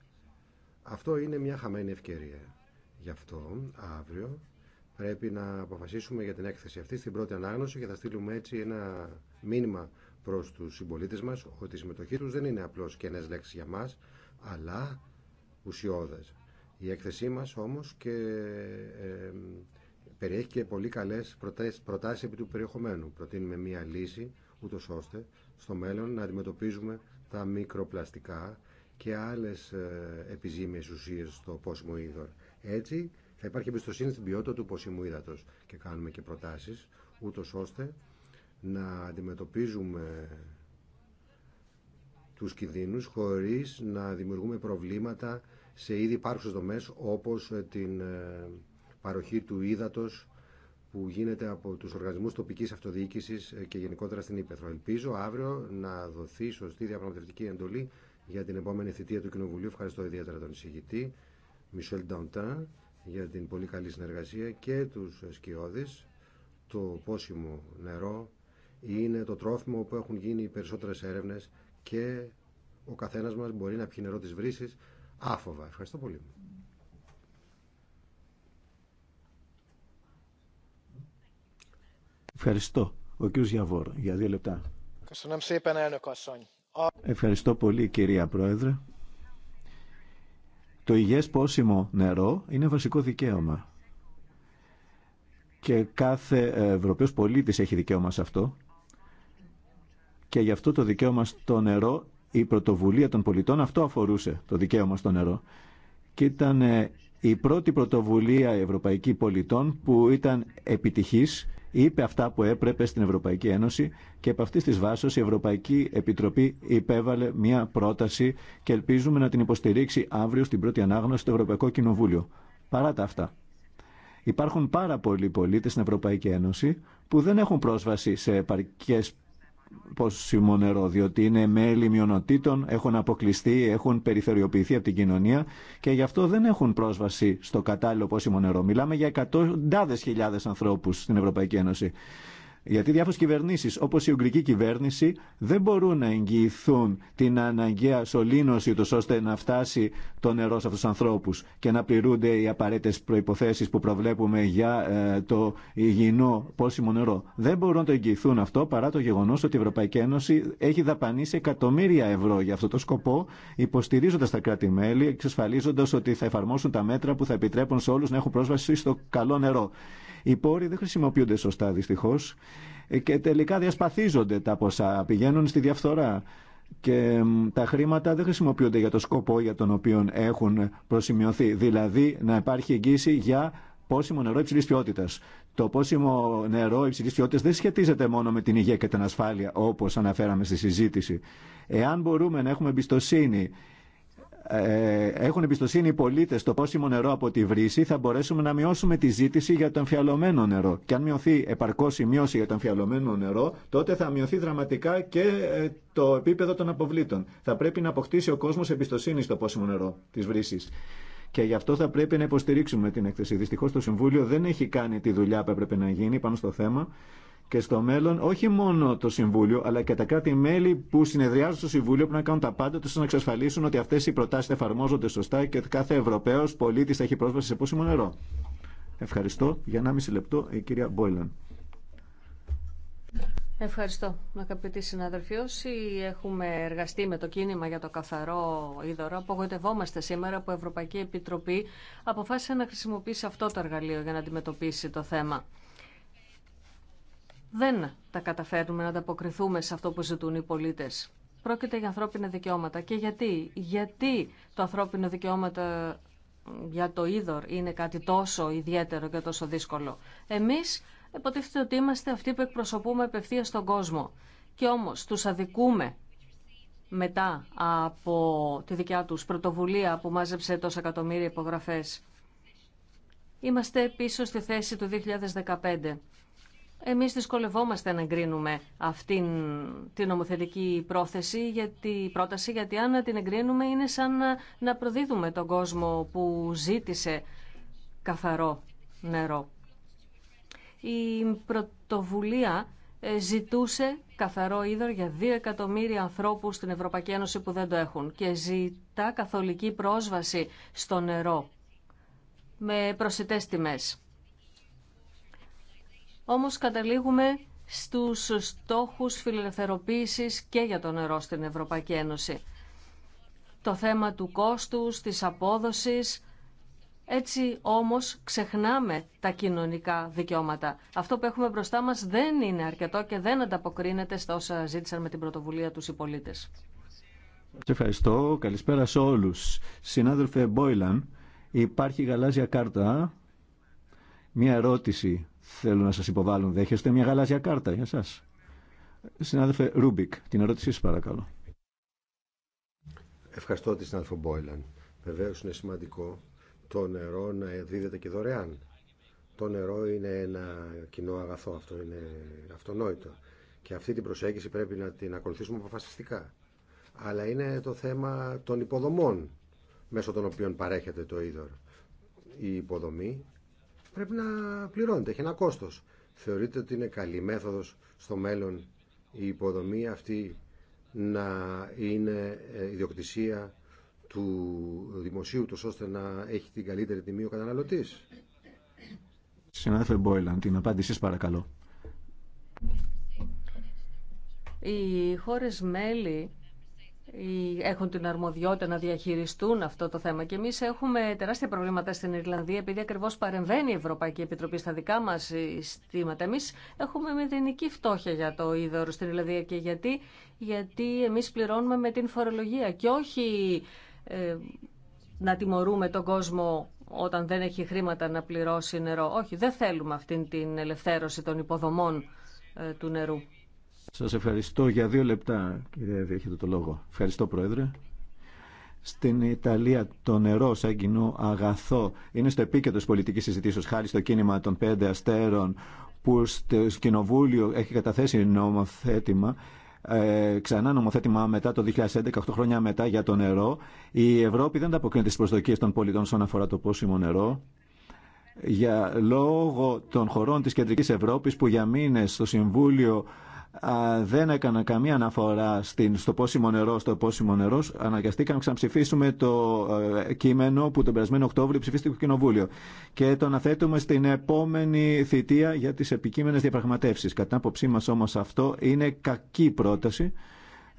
Αυτό είναι μια χαμένη ευκαιρία. Γι' αυτό αύριο πρέπει να αποφασίσουμε για την έκθεση αυτή στην πρώτη ανάγνωση και θα στείλουμε έτσι ένα μήνυμα προς τους συμπολίτε μας ότι η συμμετοχή τους δεν είναι απλώς κενές λέξεις για μας, αλλά ουσιώδες. Η έκθεσή μας όμως και ε, περιέχει και πολύ καλές προτάσεις επί του περιεχομένου. Προτείνουμε μία λύση, ούτω ώστε στο μέλλον να αντιμετωπίζουμε τα μικροπλαστικά και άλλες ε, επιζήμιε ουσίες στο πόσιμο είδο. Έτσι θα υπάρχει εμπιστοσύνη στην ποιότητα του πόσιμου ύδατος και κάνουμε και προτάσεις, ούτω ώστε να αντιμετωπίζουμε τους κινδύνους χωρί να δημιουργούμε προβλήματα σε ήδη υπάρχουσε δομέ όπως ε, την ε, παροχή του ύδατος που γίνεται από τους οργανισμούς τοπικής αυτοδιοίκησης ε, και γενικότερα στην Ήπεθρο. Ελπίζω αύριο να δοθεί σωστή διαπραγματευτική εντολή για την επόμενη θητεία του Κοινοβουλίου. Ευχαριστώ ιδιαίτερα τον εισηγητή Μισελ Νταντάν για την πολύ καλή συνεργασία και τους σκιώδης. Το πόσιμο νερό είναι το τρόφιμο που έχουν γίνει οι περισσότερες έρευνες και ο καθένας μας μπορεί να πιει νερό της βρύσης άφοβα. Ευχαριστώ πολύ. Ευχαριστώ. Ο κ. Γιαβόρ, για δύο λεπτά. Ευχαριστώ πολύ, κυρία Πρόεδρε. Το υγιές πόσιμο νερό είναι βασικό δικαίωμα. Και κάθε Ευρωπαίος πολίτης έχει δικαίωμα σε αυτό. Και γι' αυτό το δικαίωμα στο νερό, η πρωτοβουλία των πολιτών, αυτό αφορούσε το δικαίωμα στο νερό. Και ήταν ε, η πρώτη πρωτοβουλία ευρωπαϊκή πολιτών που ήταν επιτυχής είπε αυτά που έπρεπε στην Ευρωπαϊκή Ένωση και από αυτή τη βάση η Ευρωπαϊκή Επιτροπή υπέβαλε μια πρόταση και ελπίζουμε να την υποστηρίξει αύριο στην πρώτη ανάγνωση στο Ευρωπαϊκό Κοινοβούλιο. Παρά τα αυτά. Υπάρχουν πάρα πολλοί πολίτες στην Ευρωπαϊκή Ένωση που δεν έχουν πρόσβαση σε επαρκέ πόσιμο νερό, διότι είναι μέλη μειονοτήτων, έχουν αποκλειστεί, έχουν περιθωριοποιηθεί από την κοινωνία και γι' αυτό δεν έχουν πρόσβαση στο κατάλληλο πόσιμο νερό. Μιλάμε για εκατοντάδε χιλιάδε ανθρώπου στην Ευρωπαϊκή Ένωση. Γιατί διάφορε κυβερνήσει, όπω η Ουγγρική κυβέρνηση, δεν μπορούν να εγγυηθούν την αναγκαία σωλήνωση του ώστε να φτάσει το νερό σε αυτού του ανθρώπου και να πληρούνται οι απαραίτητε προποθέσει που προβλέπουμε για ε, το υγιεινό πόσιμο νερό. Δεν μπορούν να το εγγυηθούν αυτό παρά το γεγονό ότι η Ευρωπαϊκή Ένωση έχει δαπανίσει εκατομμύρια ευρώ για αυτό το σκοπό, υποστηρίζοντα τα κράτη-μέλη, εξασφαλίζοντα ότι θα εφαρμόσουν τα μέτρα που θα επιτρέπουν σε όλου να έχουν πρόσβαση στο καλό νερό. Οι πόροι δεν χρησιμοποιούνται σωστά δυστυχώ ε, και τελικά διασπαθίζονται τα ποσά, πηγαίνουν στη διαφθορά και τα χρήματα δεν χρησιμοποιούνται για το σκοπό για τον οποίο έχουν προσημειωθεί. Δηλαδή να υπάρχει εγγύηση για πόσιμο νερό υψηλή ποιότητα. Το πόσιμο νερό υψηλή ποιότητα δεν σχετίζεται μόνο με την υγεία και την ασφάλεια, όπω αναφέραμε στη συζήτηση. Εάν μπορούμε να έχουμε εμπιστοσύνη ε, έχουν εμπιστοσύνη οι πολίτε στο πόσιμο νερό από τη βρύση, θα μπορέσουμε να μειώσουμε τη ζήτηση για το εμφιαλωμένο νερό. Και αν μειωθεί επαρκώ η μείωση για το εμφιαλωμένο νερό, τότε θα μειωθεί δραματικά και ε, το επίπεδο των αποβλήτων. Θα πρέπει να αποκτήσει ο κόσμο εμπιστοσύνη στο πόσιμο νερό τη βρύση. Και γι' αυτό θα πρέπει να υποστηρίξουμε την έκθεση. Δυστυχώ το Συμβούλιο δεν έχει κάνει τη δουλειά που έπρεπε να γίνει πάνω στο θέμα. Και στο μέλλον, όχι μόνο το Συμβούλιο, αλλά και τα κράτη-μέλη που συνεδριάζουν στο Συμβούλιο που να κάνουν τα πάντα του να εξασφαλίσουν ότι αυτέ οι προτάσει εφαρμόζονται σωστά και ότι κάθε Ευρωπαίο πολίτη έχει πρόσβαση σε πόσιμο νερό. Ευχαριστώ. Για 1,5 λεπτό η κυρία Μπόιλαν. Ευχαριστώ, αγαπητοί συναδελφοί. Όσοι έχουμε εργαστεί με το κίνημα για το καθαρό είδωρο, απογοητευόμαστε σήμερα που η Ευρωπαϊκή Επιτροπή αποφάσισε να χρησιμοποιήσει αυτό το εργαλείο για να αντιμετωπίσει το θέμα. Δεν τα καταφέρνουμε να ανταποκριθούμε σε αυτό που ζητούν οι πολίτε. Πρόκειται για ανθρώπινα δικαιώματα. Και γιατί, γιατί το ανθρώπινο δικαιώματα για το είδωρ είναι κάτι τόσο ιδιαίτερο και τόσο δύσκολο. Εμείς υποτίθεται ότι είμαστε αυτοί που εκπροσωπούμε απευθεία τον κόσμο. Και όμως τους αδικούμε μετά από τη δικιά τους πρωτοβουλία που μάζεψε τόσα εκατομμύρια υπογραφές. Είμαστε πίσω στη θέση του 2015. Εμείς δυσκολευόμαστε να εγκρίνουμε αυτήν την νομοθετική πρόθεση, γιατί, πρόταση, γιατί αν την εγκρίνουμε είναι σαν να προδίδουμε τον κόσμο που ζήτησε καθαρό νερό. Η πρωτοβουλία ε, ζητούσε καθαρό είδωρ για 2 εκατομμύρια ανθρώπους στην Ευρωπαϊκή Ένωση που δεν το έχουν και ζητά καθολική πρόσβαση στο νερό με προσιτές τιμές. Όμως καταλήγουμε στους στόχους φιλελευθεροποίησης και για το νερό στην Ευρωπαϊκή Ένωση. Το θέμα του κόστους, της απόδοσης, έτσι όμως ξεχνάμε τα κοινωνικά δικαιώματα. Αυτό που έχουμε μπροστά μας δεν είναι αρκετό και δεν ανταποκρίνεται στα όσα ζήτησαν με την πρωτοβουλία τους οι πολίτες. Ευχαριστώ. Καλησπέρα σε όλους. Συνάδελφε Μπόιλαν, υπάρχει γαλάζια κάρτα. Μία ερώτηση θέλω να σας υποβάλω. Δέχεστε μια γαλάζια κάρτα για σας. Συνάδελφε Ρούμπικ, την ερώτησή σας παρακαλώ. Ευχαριστώ τη συνάδελφο Μπόιλαν. Βεβαίω είναι σημαντικό το νερό να δίδεται και δωρεάν. Το νερό είναι ένα κοινό αγαθό, αυτό είναι αυτονόητο. Και αυτή την προσέγγιση πρέπει να την ακολουθήσουμε αποφασιστικά. Αλλά είναι το θέμα των υποδομών μέσω των οποίων παρέχεται το είδωρο. Η υποδομή πρέπει να πληρώνεται, έχει ένα κόστος. Θεωρείτε ότι είναι καλή μέθοδος στο μέλλον η υποδομή αυτή να είναι ε, ιδιοκτησία του δημοσίου του ώστε να έχει την καλύτερη τιμή ο καταναλωτή. Συνάδελφε Μπόιλαν, την απάντησή παρακαλώ. Οι χώρες μέλη έχουν την αρμοδιότητα να διαχειριστούν αυτό το θέμα. Και εμείς έχουμε τεράστια προβλήματα στην Ιρλανδία, επειδή ακριβώ παρεμβαίνει η Ευρωπαϊκή Επιτροπή στα δικά μας συστήματα. Εμεί έχουμε μηδενική φτώχεια για το είδωρο στην Ιρλανδία. Και γιατί, γιατί εμεί πληρώνουμε με την φορολογία και όχι ε, να τιμωρούμε τον κόσμο όταν δεν έχει χρήματα να πληρώσει νερό. Όχι, δεν θέλουμε αυτήν την ελευθέρωση των υποδομών ε, του νερού. Σας ευχαριστώ για δύο λεπτά, κύριε Εύη, έχετε το λόγο. Ευχαριστώ, Πρόεδρε. Στην Ιταλία το νερό σαν κοινό αγαθό είναι στο επίκεντρο της πολιτικής συζητήσεως χάρη στο κίνημα των πέντε αστέρων που στο Κοινοβούλιο έχει καταθέσει νομοθέτημα ε, ξανά νομοθέτημα μετά το 2011, 8 χρόνια μετά για το νερό. Η Ευρώπη δεν ανταποκρίνεται στι προσδοκίε των πολιτών όσον αφορά το πόσιμο νερό. Για λόγω των χωρών τη Κεντρικής Ευρώπης που για μήνε στο Συμβούλιο δεν έκανα καμία αναφορά στην, στο πόσιμο νερό, στο πόσιμο νερό. Αναγκαστήκαμε να ξαναψηφίσουμε το ε, κείμενο που τον περασμένο Οκτώβριο ψηφίστηκε το Κοινοβούλιο. Και το αναθέτουμε στην επόμενη θητεία για τι επικείμενε διαπραγματεύσει. Κατά την άποψή μα όμω αυτό είναι κακή πρόταση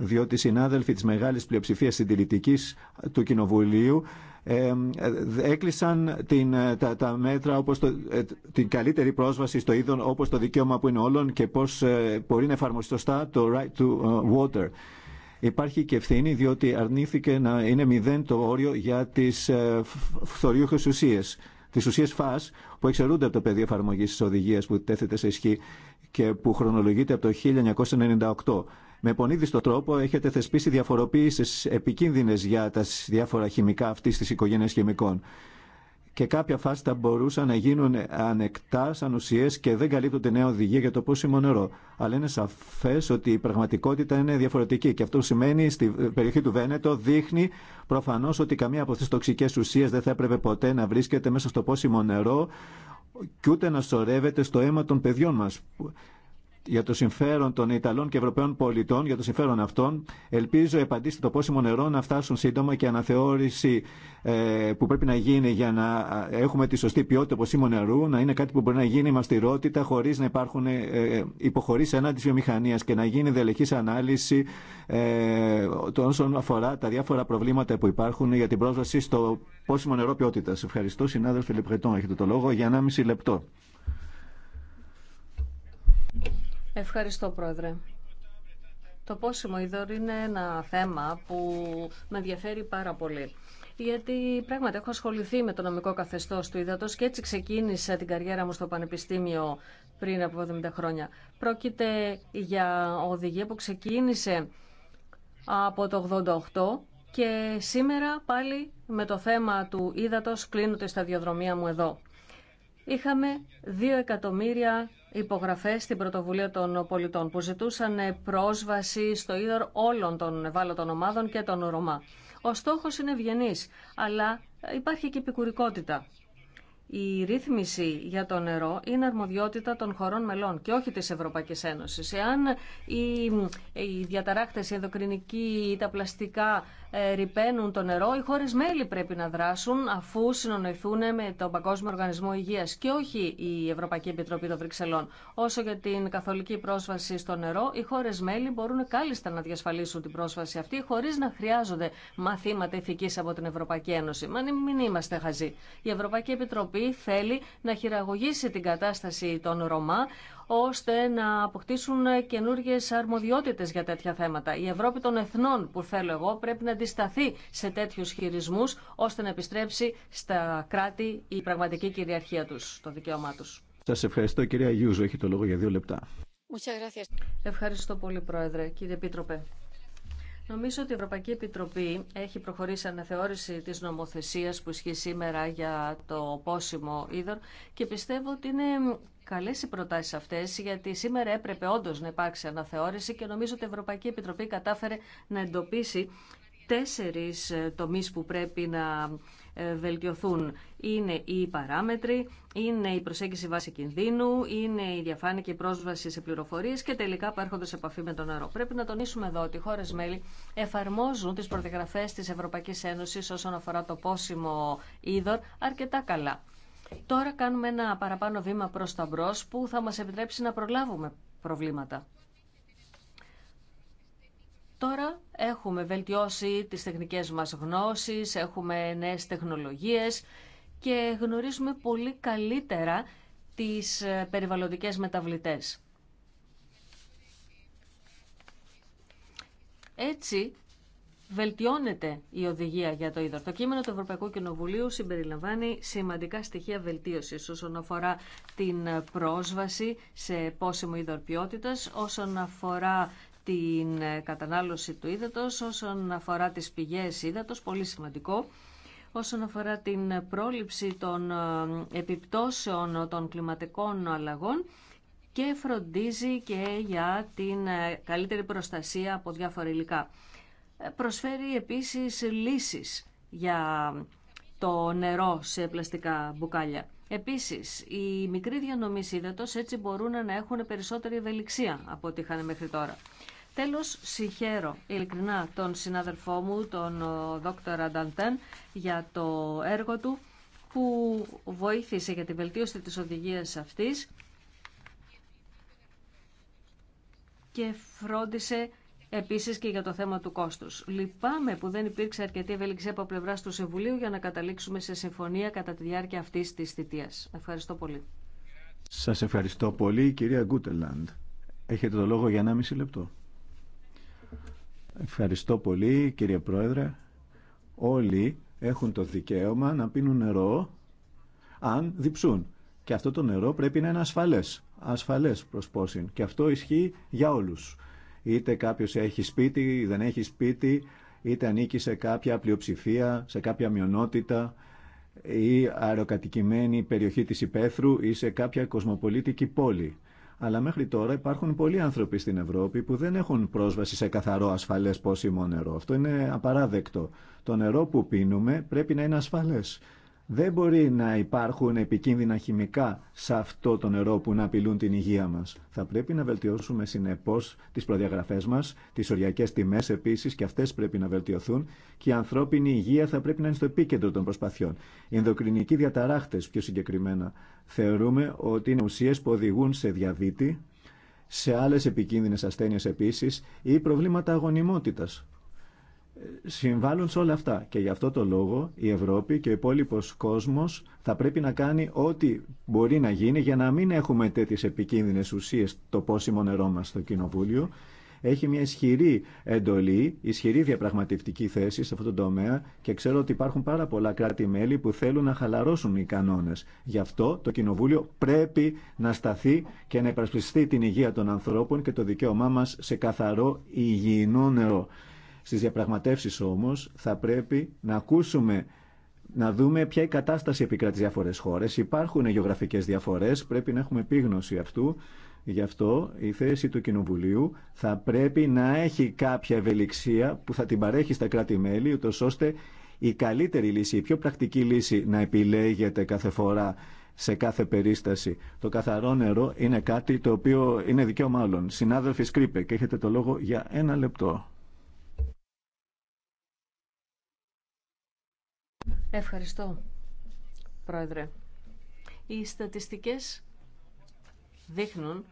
διότι οι συνάδελφοι της μεγάλης πλειοψηφίας συντηρητικής του Κοινοβουλίου ε, έκλεισαν την, τα, τα μέτρα όπως το, ε, την καλύτερη πρόσβαση στο είδον όπως το δικαίωμα που είναι όλων και πώς ε, μπορεί να εφαρμοστεί σωστά το right to ε, water. Υπάρχει και ευθύνη διότι αρνήθηκε να είναι μηδέν το όριο για τις ε, φθοριούχες ουσίες. Τι ουσίε ΦΑΣ που εξαιρούνται από το πεδίο εφαρμογή τη οδηγία που τέθεται σε ισχύ και που χρονολογείται από το 1998. Με πονίδιστο τρόπο έχετε θεσπίσει διαφοροποιήσει επικίνδυνε για τα διάφορα χημικά αυτή τη οικογένεια χημικών και κάποια φάστα θα μπορούσαν να γίνουν ανεκτά σαν ουσίε και δεν καλύπτονται νέα οδηγία για το πόσιμο νερό. Αλλά είναι σαφέ ότι η πραγματικότητα είναι διαφορετική. Και αυτό σημαίνει στην περιοχή του Βένετο δείχνει προφανώ ότι καμία από αυτέ τι τοξικέ ουσίε δεν θα έπρεπε ποτέ να βρίσκεται μέσα στο πόσιμο νερό και ούτε να σωρεύεται στο αίμα των παιδιών μα για το συμφέρον των Ιταλών και Ευρωπαίων πολιτών, για το συμφέρον αυτών. Ελπίζω επαντήστε το πόσιμο νερό να φτάσουν σύντομα και αναθεώρηση ε, που πρέπει να γίνει για να έχουμε τη σωστή ποιότητα πόσιμου νερού, να είναι κάτι που μπορεί να γίνει μαστηρότητα αυστηρότητα χωρί να υπάρχουν ε, ε, υποχωρήσει ενάντια τη βιομηχανία και να γίνει δελεχή ανάλυση όσον αφορά τα διάφορα προβλήματα που υπάρχουν για την πρόσβαση στο πόσιμο νερό ποιότητα. Ευχαριστώ, συνάδελφε Λεπρετών. Έχετε το λόγο για 1,5 λεπτό. Ευχαριστώ, Πρόεδρε. Το πόσιμο είδωρ είναι ένα θέμα που με ενδιαφέρει πάρα πολύ. Γιατί πράγματι έχω ασχοληθεί με το νομικό καθεστώ του ύδατο και έτσι ξεκίνησα την καριέρα μου στο Πανεπιστήμιο πριν από 70 χρόνια. Πρόκειται για οδηγία που ξεκίνησε από το 88 και σήμερα πάλι με το θέμα του ύδατο κλείνονται στα σταδιοδρομία μου εδώ είχαμε δύο εκατομμύρια υπογραφές στην πρωτοβουλία των πολιτών που ζητούσαν πρόσβαση στο είδωρ όλων των ευάλωτων ομάδων και των Ρωμά. Ο στόχος είναι ευγενής, αλλά υπάρχει και επικουρικότητα η ρύθμιση για το νερό είναι αρμοδιότητα των χωρών μελών και όχι της Ευρωπαϊκής Ένωσης. Εάν οι, οι διαταράκτες, οι ενδοκρινικοί ή τα πλαστικά ε, ρηπαίνουν το νερό, οι χώρες μέλη πρέπει να δράσουν αφού συνονοηθούν με τον Παγκόσμιο Οργανισμό Υγείας και όχι η Ευρωπαϊκή Επιτροπή των Βρυξελών. Όσο για την καθολική πρόσβαση στο νερό, οι χώρες μέλη μπορούν κάλλιστα να διασφαλίσουν την πρόσβαση αυτή χωρίς να χρειάζονται μαθήματα ηθικής από την Ευρωπαϊκή Ένωση. Μα μην είμαστε χαζοί. Η Ευρωπαϊκή Επιτροπή θέλει να χειραγωγήσει την κατάσταση των Ρωμά ώστε να αποκτήσουν καινούριε αρμοδιότητε για τέτοια θέματα. Η Ευρώπη των Εθνών, που θέλω εγώ, πρέπει να αντισταθεί σε τέτοιου χειρισμού, ώστε να επιστρέψει στα κράτη η πραγματική κυριαρχία του, το δικαίωμά του. Σα ευχαριστώ, κυρία Γιούζο. Έχει το λόγο για δύο λεπτά. Ευχαριστώ πολύ, Πρόεδρε. Κύριε Επίτροπε, Νομίζω ότι η Ευρωπαϊκή Επιτροπή έχει προχωρήσει αναθεώρηση της νομοθεσίας που ισχύει σήμερα για το πόσιμο είδωρ και πιστεύω ότι είναι καλές οι προτάσεις αυτές γιατί σήμερα έπρεπε όντως να υπάρξει αναθεώρηση και νομίζω ότι η Ευρωπαϊκή Επιτροπή κατάφερε να εντοπίσει τέσσερις τομείς που πρέπει να ε, βελτιωθούν. Είναι οι παράμετροι, είναι η προσέγγιση βάση κινδύνου, είναι η διαφάνεια και η πρόσβαση σε πληροφορίε και τελικά έρχονται σε επαφή με το νερό. Πρέπει να τονίσουμε εδώ ότι οι χώρε μέλη εφαρμόζουν τι προδιαγραφέ τη Ευρωπαϊκή Ένωση όσον αφορά το πόσιμο είδωρ αρκετά καλά. Τώρα κάνουμε ένα παραπάνω βήμα προ τα μπρο που θα μα επιτρέψει να προλάβουμε προβλήματα. Τώρα έχουμε βελτιώσει τις τεχνικές μας γνώσεις, έχουμε νέες τεχνολογίες και γνωρίζουμε πολύ καλύτερα τις ε, περιβαλλοντικές μεταβλητές. Έτσι βελτιώνεται η οδηγία για το είδωρ. Το κείμενο του Ευρωπαϊκού Κοινοβουλίου συμπεριλαμβάνει σημαντικά στοιχεία βελτίωσης όσον αφορά την πρόσβαση σε πόσιμο είδωρ ποιότητας, όσον αφορά την ε, κατανάλωση του ύδατος, όσον αφορά τις πηγές ύδατος, πολύ σημαντικό, όσον αφορά την πρόληψη των ε, επιπτώσεων των κλιματικών αλλαγών και φροντίζει και για την ε, καλύτερη προστασία από διάφορα υλικά. Προσφέρει επίσης λύσεις για το νερό σε πλαστικά μπουκάλια. Επίσης, οι μικροί διανομής ύδατος έτσι μπορούν να έχουν περισσότερη ευελιξία από ό,τι είχαν μέχρι τώρα. Τέλος, συγχαίρω ειλικρινά τον συνάδελφό μου, τον δόκτωρα Νταντάν, για το έργο του που βοήθησε για την βελτίωση της οδηγίας αυτής και φρόντισε επίσης και για το θέμα του κόστους. Λυπάμαι που δεν υπήρξε αρκετή ευέλιξή από πλευρά του Συμβουλίου για να καταλήξουμε σε συμφωνία κατά τη διάρκεια αυτής της θητείας. Ευχαριστώ πολύ. Σας ευχαριστώ πολύ κυρία Γκούτελαντ. Έχετε το λόγο για 1,5 λεπτό. Ευχαριστώ πολύ κύριε Πρόεδρε. Όλοι έχουν το δικαίωμα να πίνουν νερό αν διψούν. Και αυτό το νερό πρέπει να είναι ασφαλές. Ασφαλές προς πόσιν. Και αυτό ισχύει για όλους. Είτε κάποιος έχει σπίτι ή δεν έχει σπίτι, είτε ανήκει σε κάποια πλειοψηφία, σε κάποια μειονότητα ή αεροκατοικημένη περιοχή της υπαίθρου ή σε κάποια κοσμοπολίτικη πόλη. Αλλά μέχρι τώρα υπάρχουν πολλοί άνθρωποι στην Ευρώπη που δεν έχουν πρόσβαση σε καθαρό ασφαλές πόσιμο νερό. Αυτό είναι απαράδεκτο. Το νερό που πίνουμε πρέπει να είναι ασφαλές. Δεν μπορεί να υπάρχουν επικίνδυνα χημικά σε αυτό το νερό που να απειλούν την υγεία μα. Θα πρέπει να βελτιώσουμε συνεπώ τι προδιαγραφέ μα, τι οριακέ τιμέ επίση και αυτέ πρέπει να βελτιωθούν και η ανθρώπινη υγεία θα πρέπει να είναι στο επίκεντρο των προσπαθειών. Οι ενδοκρινικοί διαταράχτε πιο συγκεκριμένα θεωρούμε ότι είναι ουσίε που οδηγούν σε διαβήτη, σε άλλε επικίνδυνε ασθένειε επίση ή προβλήματα αγωνιμότητα συμβάλλουν σε όλα αυτά. Και γι' αυτό το λόγο η Ευρώπη και ο υπόλοιπο κόσμο θα πρέπει να κάνει ό,τι μπορεί να γίνει για να μην έχουμε τέτοιες επικίνδυνε ουσίε το πόσιμο νερό μα στο Κοινοβούλιο. Έχει μια ισχυρή εντολή, ισχυρή διαπραγματευτική θέση σε αυτό το τομέα και ξέρω ότι υπάρχουν πάρα πολλά κράτη-μέλη που θέλουν να χαλαρώσουν οι κανόνε. Γι' αυτό το Κοινοβούλιο πρέπει να σταθεί και να υπερασπιστεί την υγεία των ανθρώπων και το δικαίωμά μα σε καθαρό υγιεινό νερό. Στις διαπραγματεύσεις όμως θα πρέπει να ακούσουμε να δούμε ποια η κατάσταση επικρατεί διάφορες χώρες. Υπάρχουν γεωγραφικές διαφορές, πρέπει να έχουμε επίγνωση αυτού. Γι' αυτό η θέση του Κοινοβουλίου θα πρέπει να έχει κάποια ευελιξία που θα την παρέχει στα κράτη-μέλη, ούτως ώστε η καλύτερη λύση, η πιο πρακτική λύση να επιλέγεται κάθε φορά σε κάθε περίσταση. Το καθαρό νερό είναι κάτι το οποίο είναι δικαίωμα όλων. Συνάδελφοι και έχετε το λόγο για ένα λεπτό. Ευχαριστώ, Πρόεδρε. Οι στατιστικές δείχνουν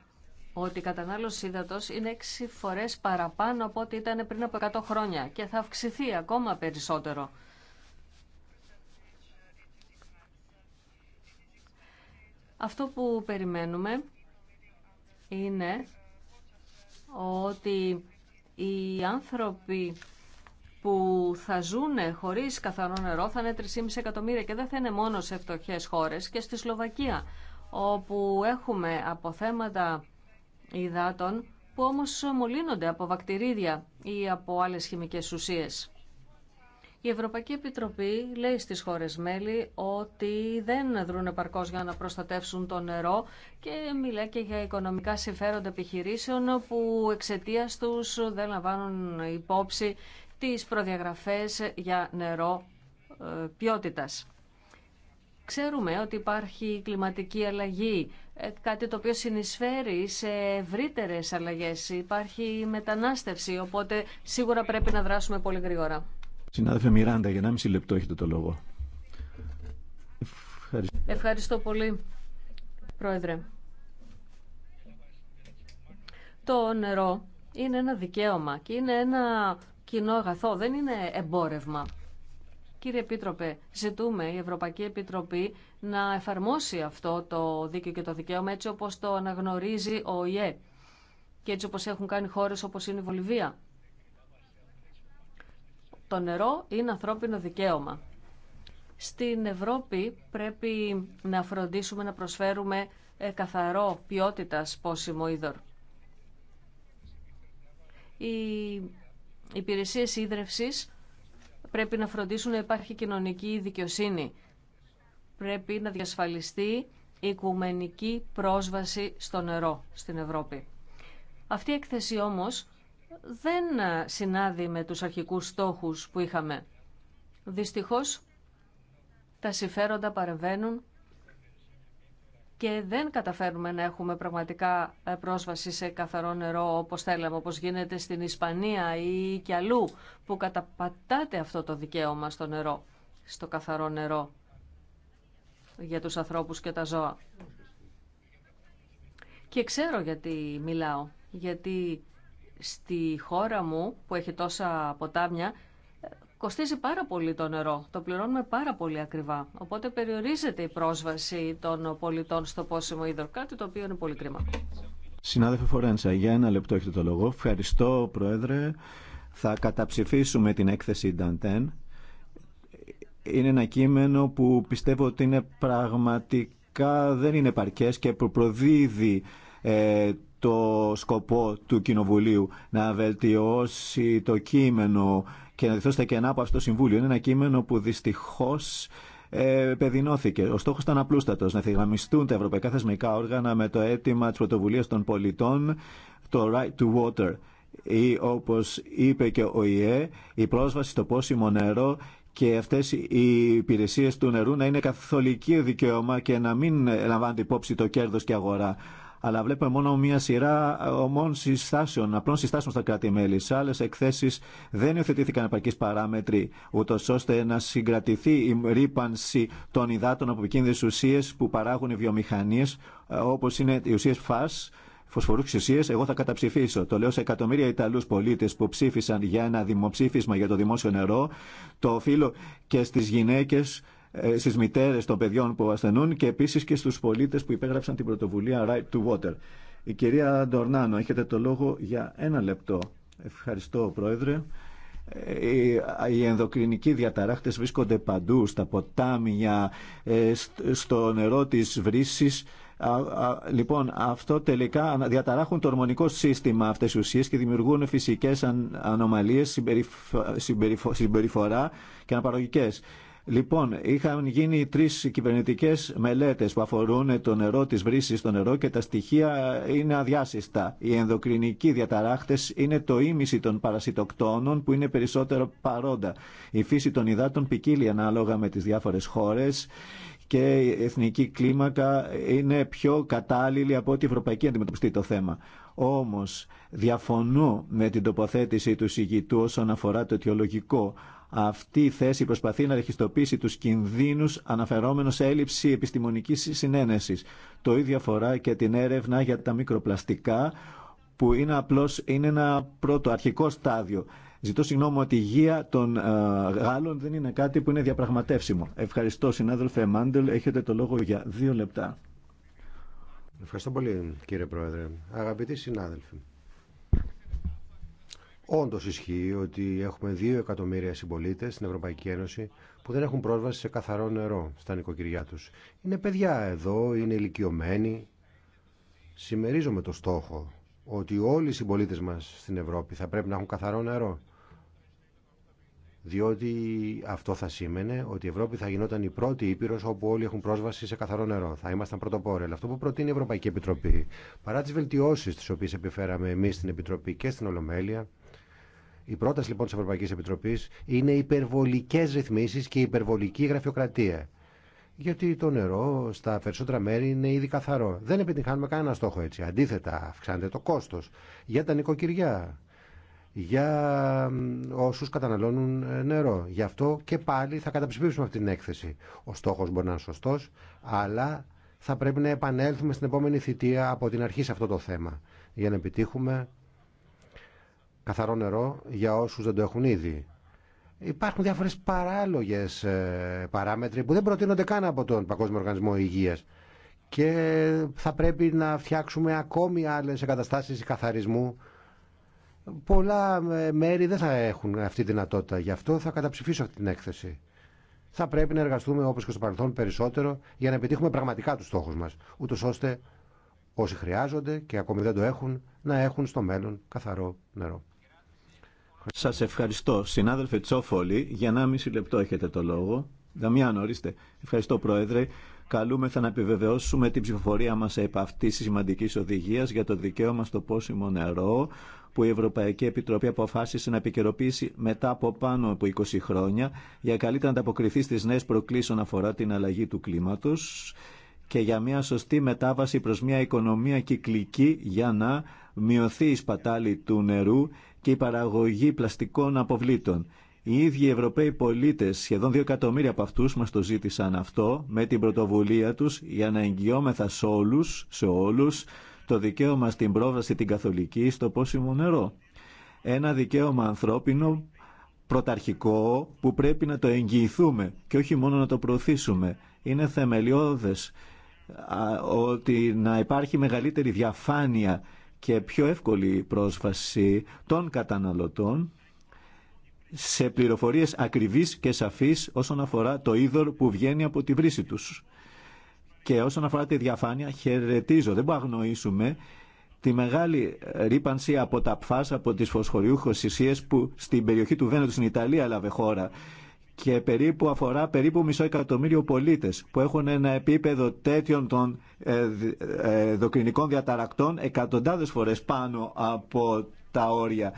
ότι η κατανάλωση ύδατος είναι έξι φορές παραπάνω από ό,τι ήταν πριν από 100 χρόνια και θα αυξηθεί ακόμα περισσότερο. Αυτό που περιμένουμε είναι ότι οι άνθρωποι που θα ζουν χωρί καθαρό νερό θα είναι 3,5 εκατομμύρια και δεν θα είναι μόνο σε φτωχέ χώρε και στη Σλοβακία όπου έχουμε αποθέματα υδάτων που όμως μολύνονται από βακτηρίδια ή από άλλες χημικές ουσίες. Η Ευρωπαϊκή Επιτροπή λέει στις χώρες μέλη ότι δεν δρούν επαρκώς για να προστατεύσουν το νερό και μιλάει και για οικονομικά συμφέροντα επιχειρήσεων που εξαιτία τους δεν λαμβάνουν υπόψη τις προδιαγραφές για νερό ε, ποιότητας. Ξέρουμε ότι υπάρχει κλιματική αλλαγή, ε, κάτι το οποίο συνεισφέρει σε ευρύτερε αλλαγές. Υπάρχει μετανάστευση, οπότε σίγουρα πρέπει να δράσουμε πολύ γρήγορα. Συνάδελφε Μιράντα, για 1,5 λεπτό έχετε το λόγο. Ευχαριστώ, Ευχαριστώ πολύ, Πρόεδρε. Το νερό είναι ένα δικαίωμα και είναι ένα κοινό αγαθό, δεν είναι εμπόρευμα. Κύριε Επίτροπε, ζητούμε η Ευρωπαϊκή Επιτροπή να εφαρμόσει αυτό το δίκαιο και το δικαίωμα έτσι όπως το αναγνωρίζει ο ΙΕ και έτσι όπως έχουν κάνει χώρες όπως είναι η Βολιβία. Το νερό είναι ανθρώπινο δικαίωμα. Στην Ευρώπη πρέπει να φροντίσουμε να προσφέρουμε ε, καθαρό ποιότητας πόσιμο είδωρ. Η Υπηρεσίε ίδρυυση πρέπει να φροντίσουν να υπάρχει κοινωνική δικαιοσύνη. Πρέπει να διασφαλιστεί η οικουμενική πρόσβαση στο νερό στην Ευρώπη. Αυτή η έκθεση όμως δεν συνάδει με τους αρχικούς στόχους που είχαμε. Δυστυχώς τα συμφέροντα παρεμβαίνουν και δεν καταφέρνουμε να έχουμε πραγματικά ε, πρόσβαση σε καθαρό νερό όπως θέλαμε, όπως γίνεται στην Ισπανία ή κι αλλού, που καταπατάτε αυτό το δικαίωμα στο νερό, στο καθαρό νερό για τους ανθρώπους και τα ζώα. Και ξέρω γιατί μιλάω, γιατί στη χώρα μου που έχει τόσα ποτάμια Κοστίζει πάρα πολύ το νερό, το πληρώνουμε πάρα πολύ ακριβά. Οπότε περιορίζεται η πρόσβαση των πολιτών στο πόσιμο είδωρο, κάτι το οποίο είναι πολύ κρίμα. Συνάδελφε Φορέντσα, για ένα λεπτό έχετε το λόγο. Ευχαριστώ, Πρόεδρε. Θα καταψηφίσουμε την έκθεση Νταντέν. Είναι ένα κείμενο που πιστεύω ότι είναι πραγματικά δεν είναι παρκές και που προδίδει ε, το σκοπό του Κοινοβουλίου να βελτιώσει το κείμενο και να και και ένα από αυτό το Συμβούλιο. Είναι ένα κείμενο που δυστυχώ ε, παιδινώθηκε. Ο στόχο ήταν απλούστατο: να θυγαμιστούν τα ευρωπαϊκά θεσμικά όργανα με το αίτημα τη πρωτοβουλία των πολιτών, το right to water ή όπως είπε και ο ΙΕ, η πρόσβαση στο πόσιμο νερό και αυτές οι υπηρεσίες του νερού να είναι καθολική δικαίωμα και να μην λαμβάνεται υπόψη το κέρδος και αγορά. Αλλά βλέπουμε μόνο μια σειρά ομών συστάσεων, απλών συστάσεων στα κράτη-μέλη. Σε άλλε εκθέσει δεν υιοθετήθηκαν επαρκεί παράμετροι, ούτω ώστε να συγκρατηθεί η ρήπανση των υδάτων από επικίνδυνε ουσίε που παράγουν οι βιομηχανίε, ε, όπω είναι οι ουσίε φας Φωσφορού ουσίε, εγώ θα καταψηφίσω. Το λέω σε εκατομμύρια Ιταλού πολίτε που ψήφισαν για ένα δημοψήφισμα για το δημόσιο νερό. Το οφείλω και στι γυναίκε, ε, στι μητέρε των παιδιών που ασθενούν και επίση και στου πολίτε που υπέγραψαν την πρωτοβουλία Right to Water. Η κυρία Ντορνάνο, έχετε το λόγο για ένα λεπτό. Ευχαριστώ, Πρόεδρε. Ε, οι ενδοκρινικοί διαταράχτες βρίσκονται παντού, στα ποτάμια, ε, στο νερό της βρύση λοιπόν, αυτό τελικά διαταράχουν το ορμονικό σύστημα αυτέ οι ουσίε και δημιουργούν φυσικές ανομαλίες συμπεριφορά και αναπαραγωγικέ. Λοιπόν, είχαν γίνει τρει κυβερνητικέ μελέτε που αφορούν το νερό, τι βρύσει στο νερό και τα στοιχεία είναι αδιάσυστα. Οι ενδοκρινικοί διαταράχτε είναι το ίμιση των παρασιτοκτόνων που είναι περισσότερο παρόντα. Η φύση των υδάτων ποικίλει ανάλογα με τι διάφορε χώρε και η εθνική κλίμακα είναι πιο κατάλληλη από ότι η ευρωπαϊκή αντιμετωπιστεί το θέμα. Όμως διαφωνώ με την τοποθέτηση του συγκητού όσον αφορά το αιτιολογικό. Αυτή η θέση προσπαθεί να ρεχιστοποιήσει τους κινδύνους αναφερόμενος σε έλλειψη επιστημονικής συνένεσης. Το ίδιο αφορά και την έρευνα για τα μικροπλαστικά που είναι απλώς είναι ένα πρώτο αρχικό στάδιο. Ζητώ συγγνώμη ότι η υγεία των ε, Γάλλων δεν είναι κάτι που είναι διαπραγματεύσιμο. Ευχαριστώ, συνάδελφε Μάντελ. Έχετε το λόγο για δύο λεπτά. Ευχαριστώ πολύ, κύριε Πρόεδρε. Αγαπητοί συνάδελφοι, όντω ισχύει ότι έχουμε δύο εκατομμύρια συμπολίτε στην Ευρωπαϊκή Ένωση που δεν έχουν πρόσβαση σε καθαρό νερό στα νοικοκυριά του. Είναι παιδιά εδώ, είναι ηλικιωμένοι. Συμμερίζομαι το στόχο ότι όλοι οι συμπολίτε μα στην Ευρώπη θα πρέπει να έχουν καθαρό νερό διότι αυτό θα σήμαινε ότι η Ευρώπη θα γινόταν η πρώτη ήπειρο όπου όλοι έχουν πρόσβαση σε καθαρό νερό. Θα ήμασταν πρωτοπόροι. Αλλά αυτό που προτείνει η Ευρωπαϊκή Επιτροπή, παρά τι βελτιώσει τι οποίε επιφέραμε εμεί στην Επιτροπή και στην Ολομέλεια, η πρόταση λοιπόν τη Ευρωπαϊκή Επιτροπή είναι υπερβολικέ ρυθμίσει και υπερβολική γραφειοκρατία. Γιατί το νερό στα περισσότερα μέρη είναι ήδη καθαρό. Δεν επιτυχάνουμε κανένα στόχο έτσι. Αντίθετα, αυξάνεται το κόστο για τα νοικοκυριά για όσους καταναλώνουν ε, νερό. Γι' αυτό και πάλι θα καταψηφίσουμε αυτή την έκθεση. Ο στόχος μπορεί να είναι σωστός, αλλά θα πρέπει να επανέλθουμε στην επόμενη θητεία από την αρχή σε αυτό το θέμα, για να επιτύχουμε καθαρό νερό για όσους δεν το έχουν ήδη. Υπάρχουν διάφορες παράλογες ε, παράμετροι που δεν προτείνονται καν από τον Παγκόσμιο Οργανισμό Υγείας και θα πρέπει να φτιάξουμε ακόμη άλλες εγκαταστάσεις καθαρισμού πολλά ε, μέρη δεν θα έχουν αυτή τη δυνατότητα. Γι' αυτό θα καταψηφίσω αυτή την έκθεση. Θα πρέπει να εργαστούμε όπω και στο παρελθόν περισσότερο για να επιτύχουμε πραγματικά του στόχου μα, Ούτω ώστε όσοι χρειάζονται και ακόμη δεν το έχουν, να έχουν στο μέλλον καθαρό νερό. Σα ευχαριστώ. Συνάδελφε Τσόφολη, για 1,5 λεπτό έχετε το λόγο. Δαμιάν, ορίστε. Ευχαριστώ, Πρόεδρε. Καλούμεθα να επιβεβαιώσουμε την ψηφοφορία μα επ' αυτής τη σημαντικής για το δικαίωμα στο πόσιμο νερό που η Ευρωπαϊκή Επιτροπή αποφάσισε να επικαιροποιήσει μετά από πάνω από 20 χρόνια για καλύτερα να ανταποκριθεί στις νέες προκλήσεις όσον αφορά την αλλαγή του κλίματος και για μια σωστή μετάβαση προς μια οικονομία κυκλική για να μειωθεί η σπατάλη του νερού και η παραγωγή πλαστικών αποβλήτων. Οι ίδιοι οι Ευρωπαίοι πολίτε σχεδόν δύο εκατομμύρια από αυτού μα το ζήτησαν αυτό με την πρωτοβουλία του, για να εγγυόμεθα σε όλου, σε όλου το δικαίωμα στην πρόβαση την καθολική στο πόσιμο νερό. Ένα δικαίωμα ανθρώπινο πρωταρχικό που πρέπει να το εγγυηθούμε και όχι μόνο να το προωθήσουμε. Είναι θεμελιώδες ότι να υπάρχει μεγαλύτερη διαφάνεια και πιο εύκολη πρόσβαση των καταναλωτών σε πληροφορίες ακριβείς και σαφείς όσον αφορά το είδωρ που βγαίνει από τη βρύση τους. Και όσον αφορά τη διαφάνεια, χαιρετίζω, δεν μπορούμε να αγνοήσουμε τη μεγάλη ρήπανση από τα πφάς, από τις φωσχοριούχες ισίες που στην περιοχή του Βένετου στην Ιταλία έλαβε χώρα και περίπου αφορά περίπου μισό εκατομμύριο πολίτες που έχουν ένα επίπεδο τέτοιων των ε, ε, δοκρινικών διαταρακτών εκατοντάδες φορές πάνω από τα όρια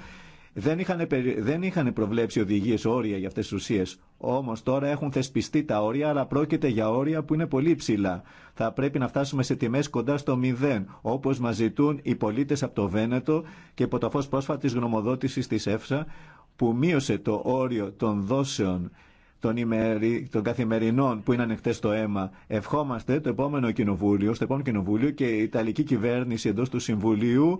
δεν είχαν, δεν είχαν προβλέψει οδηγίε όρια για αυτέ τι ουσίε. Όμω τώρα έχουν θεσπιστεί τα όρια, αλλά πρόκειται για όρια που είναι πολύ υψηλά. Θα πρέπει να φτάσουμε σε τιμέ κοντά στο μηδέν, όπω μα ζητούν οι πολίτε από το Βένετο και υπό το φω πρόσφατη γνωμοδότηση τη ΕΦΣΑ, που μείωσε το όριο των δόσεων των, ημερι... των καθημερινών που είναι ανοιχτέ στο αίμα. Ευχόμαστε το επόμενο κοινοβούλιο, στο επόμενο κοινοβούλιο και η Ιταλική κυβέρνηση εντό του Συμβουλίου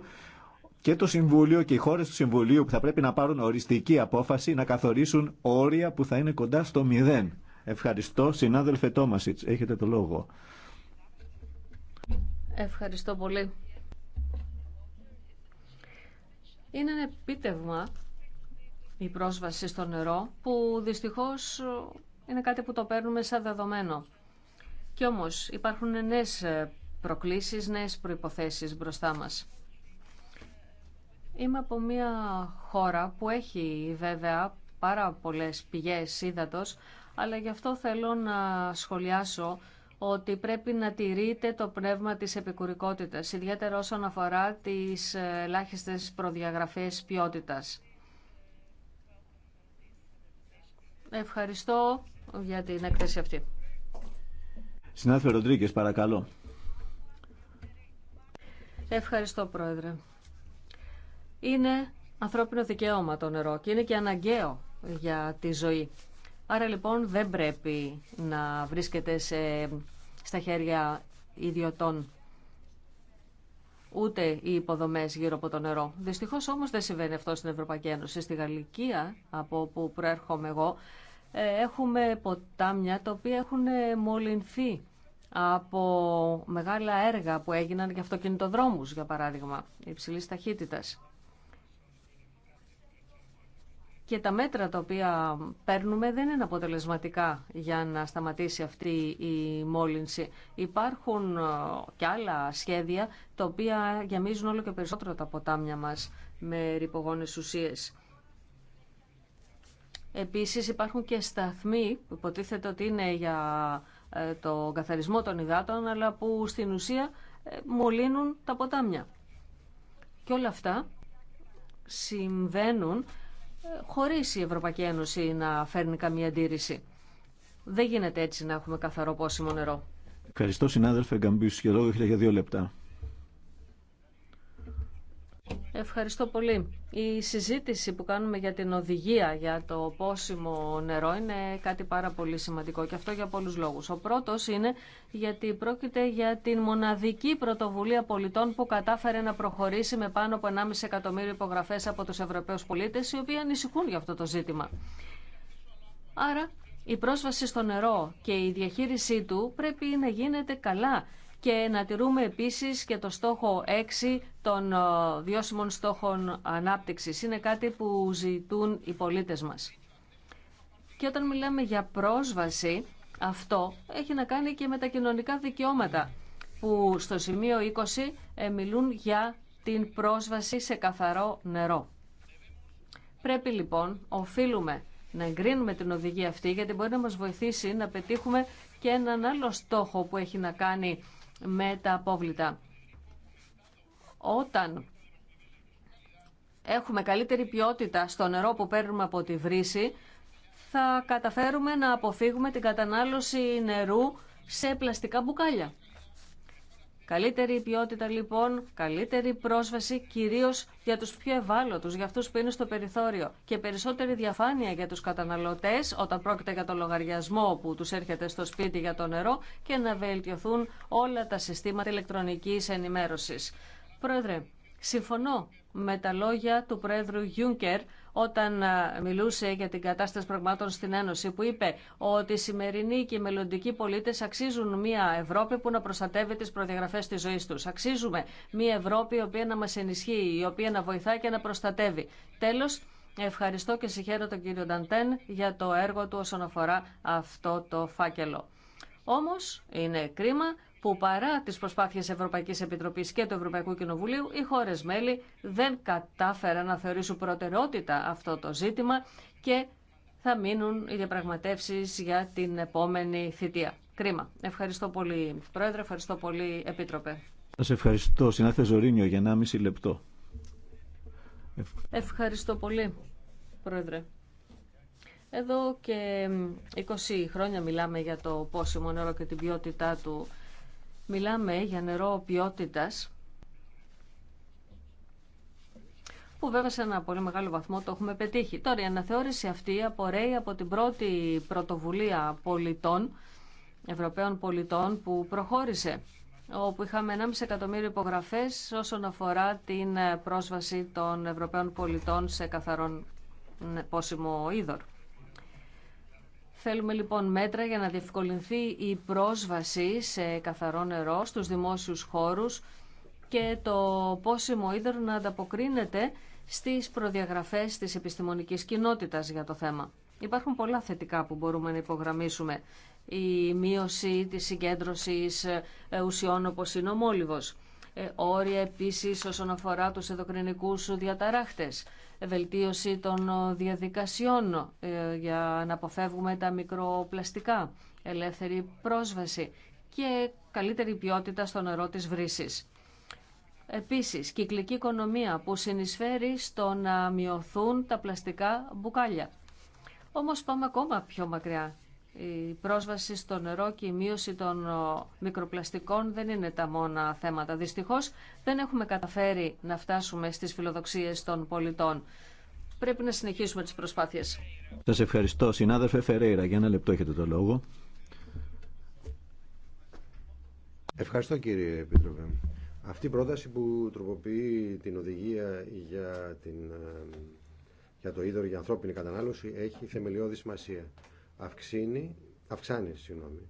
και το Συμβούλιο και οι χώρες του Συμβουλίου που θα πρέπει να πάρουν οριστική απόφαση να καθορίσουν όρια που θα είναι κοντά στο μηδέν. Ευχαριστώ. Συνάδελφε Τόμασιτς, έχετε το λόγο. Ευχαριστώ πολύ. Είναι ένα επίτευγμα η πρόσβαση στο νερό που δυστυχώς είναι κάτι που το παίρνουμε σαν δεδομένο. Κι όμως υπάρχουν νέες προκλήσεις, νέες προϋποθέσεις μπροστά μας. Είμαι από μια χώρα που έχει βέβαια πάρα πολλές πηγές ύδατος, αλλά γι' αυτό θέλω να σχολιάσω ότι πρέπει να τηρείται το πνεύμα της επικουρικότητας, ιδιαίτερα όσον αφορά τις ελάχιστε προδιαγραφές ποιότητας. Ευχαριστώ για την έκθεση αυτή. Συνάδελφε Ροντρίκες, παρακαλώ. Ευχαριστώ, Πρόεδρε είναι ανθρώπινο δικαίωμα το νερό και είναι και αναγκαίο για τη ζωή. Άρα λοιπόν δεν πρέπει να βρίσκεται σε, στα χέρια ιδιωτών ούτε οι υποδομές γύρω από το νερό. Δυστυχώς όμως δεν συμβαίνει αυτό στην Ευρωπαϊκή Ένωση. Στη Γαλλικία, από όπου προέρχομαι εγώ, ε, έχουμε ποτάμια τα οποία έχουν ε, μολυνθεί από μεγάλα έργα που έγιναν για αυτοκινητοδρόμους, για παράδειγμα, υψηλής ταχύτητας και τα μέτρα τα οποία παίρνουμε δεν είναι αποτελεσματικά για να σταματήσει αυτή η μόλυνση. Υπάρχουν ε, και άλλα σχέδια τα οποία γεμίζουν όλο και περισσότερο τα ποτάμια μας με ρηπογόνες ουσίες. Επίσης υπάρχουν και σταθμοί που υποτίθεται ότι είναι για ε, το καθαρισμό των υδάτων αλλά που στην ουσία ε, μολύνουν τα ποτάμια. Και όλα αυτά συμβαίνουν χωρίς η Ευρωπαϊκή Ένωση να φέρνει καμία αντίρρηση. Δεν γίνεται έτσι να έχουμε καθαρό πόσιμο νερό. Ευχαριστώ συνάδελφε Γκαμπίου. Σχεδόν για δύο λεπτά. Ευχαριστώ πολύ. Η συζήτηση που κάνουμε για την οδηγία για το πόσιμο νερό είναι κάτι πάρα πολύ σημαντικό και αυτό για πολλούς λόγους. Ο πρώτος είναι γιατί πρόκειται για την μοναδική πρωτοβουλία πολιτών που κατάφερε να προχωρήσει με πάνω από 1,5 εκατομμύριο υπογραφές από τους Ευρωπαίους πολίτες οι οποίοι ανησυχούν για αυτό το ζήτημα. Άρα η πρόσβαση στο νερό και η διαχείρισή του πρέπει να γίνεται καλά και να τηρούμε επίσης και το στόχο 6 των ε, βιώσιμων στόχων ανάπτυξης. Είναι κάτι που ζητούν οι πολίτες μας. Και όταν μιλάμε για πρόσβαση, αυτό έχει να κάνει και με τα κοινωνικά δικαιώματα, που στο σημείο 20 ε, μιλούν για την πρόσβαση σε καθαρό νερό. Πρέπει λοιπόν, οφείλουμε να εγκρίνουμε την οδηγία αυτή, γιατί μπορεί να μας βοηθήσει να πετύχουμε και έναν άλλο στόχο που έχει να κάνει με τα απόβλητα. Όταν έχουμε καλύτερη ποιότητα στο νερό που παίρνουμε από τη βρύση, θα καταφέρουμε να αποφύγουμε την κατανάλωση νερού σε πλαστικά μπουκάλια. Καλύτερη ποιότητα λοιπόν, καλύτερη πρόσβαση κυρίως για τους πιο ευάλωτους, για αυτούς που είναι στο περιθώριο και περισσότερη διαφάνεια για τους καταναλωτές όταν πρόκειται για το λογαριασμό που τους έρχεται στο σπίτι για το νερό και να βελτιωθούν όλα τα συστήματα ηλεκτρονικής ενημέρωσης. Πρόεδρε, συμφωνώ με τα λόγια του Πρόεδρου Γιούνκερ όταν ε, μιλούσε για την κατάσταση πραγμάτων στην Ένωση, που είπε ότι οι σημερινοί και οι μελλοντικοί πολίτες αξίζουν μια Ευρώπη που να προστατεύει τις προδιαγραφές της ζωής τους. Αξίζουμε μια Ευρώπη η οποία να μας ενισχύει, η οποία να βοηθάει και να προστατεύει. Τέλος, ευχαριστώ και συγχαίρω τον κύριο Νταντέν για το έργο του όσον αφορά αυτό το φάκελο. Όμως είναι κρίμα που παρά τις προσπάθειες Ευρωπαϊκής Επιτροπής και του Ευρωπαϊκού Κοινοβουλίου, οι χώρες μέλη δεν κατάφεραν να θεωρήσουν προτεραιότητα αυτό το ζήτημα και θα μείνουν οι διαπραγματεύσει για την επόμενη θητεία. Κρίμα. Ευχαριστώ πολύ, Πρόεδρε. Ευχαριστώ πολύ, Επίτροπε. Σας ευχαριστώ, συνάθε Ζωρίνιο, για 1,5 λεπτό. Ευχαριστώ πολύ, Πρόεδρε. Εδώ και 20 χρόνια μιλάμε για το πόσιμο νερό και την ποιότητά του Μιλάμε για νερό ποιότητας που βέβαια σε ένα πολύ μεγάλο βαθμό το έχουμε πετύχει. Τώρα η αναθεώρηση αυτή απορρέει από την πρώτη πρωτοβουλία πολιτών, Ευρωπαίων πολιτών που προχώρησε όπου είχαμε 1,5 εκατομμύριο υπογραφές όσον αφορά την πρόσβαση των Ευρωπαίων πολιτών σε καθαρόν ναι, πόσιμο είδωρ. Θέλουμε λοιπόν μέτρα για να διευκολυνθεί η πρόσβαση σε καθαρό νερό στους δημόσιους χώρους και το πόσιμο ίδρυ να ανταποκρίνεται στις προδιαγραφές της επιστημονικής κοινότητας για το θέμα. Υπάρχουν πολλά θετικά που μπορούμε να υπογραμμίσουμε. Η μείωση της συγκέντρωσης ε, ουσιών όπως είναι ο ε, Όρια επίσης όσον αφορά τους εδοκρινικούς διαταράχτες βελτίωση των ε, διαδικασιών ε, για να αποφεύγουμε τα μικροπλαστικά, ελεύθερη πρόσβαση και καλύτερη ποιότητα στο νερό της βρύσης. Επίσης, κυκλική οικονομία που συνεισφέρει στο να μειωθούν τα πλαστικά μπουκάλια. Όμως πάμε ακόμα πιο μακριά η πρόσβαση στο νερό και η μείωση των μικροπλαστικών δεν είναι τα μόνα θέματα. Δυστυχώς δεν έχουμε καταφέρει να φτάσουμε στις φιλοδοξίες των πολιτών. Πρέπει να συνεχίσουμε τις προσπάθειες. Σας ευχαριστώ συνάδελφε Φερέιρα. Για ένα λεπτό έχετε το λόγο. Ευχαριστώ κύριε Επίτροπε. Αυτή η πρόταση που τροποποιεί την οδηγία για, την, ε, για το είδωρο για ανθρώπινη κατανάλωση έχει θεμελιώδη σημασία αυξάνει, αυξάνει συγγνώμη,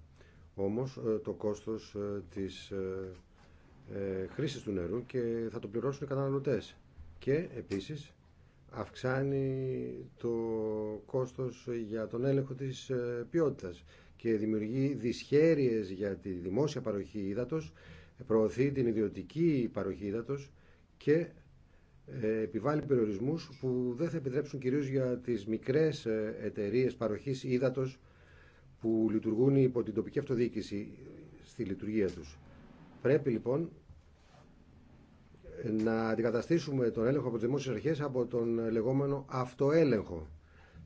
όμως ε, το κόστος ε, της ε, χρήσης του νερού και θα το πληρώσουν οι καταναλωτές. Και επίσης αυξάνει το κόστος για τον έλεγχο της ποιότητας και δημιουργεί δυσχέρειες για τη δημόσια παροχή ύδατος, προωθεί την ιδιωτική παροχή ύδατος και ε, επιβάλλει περιορισμούς που δεν θα επιτρέψουν κυρίως για τις μικρές ε, εταιρείε παροχής ύδατος που λειτουργούν υπό την τοπική αυτοδιοίκηση στη λειτουργία τους. Πρέπει λοιπόν να αντικαταστήσουμε τον έλεγχο από τις δημόσιες αρχές από τον λεγόμενο αυτοέλεγχο.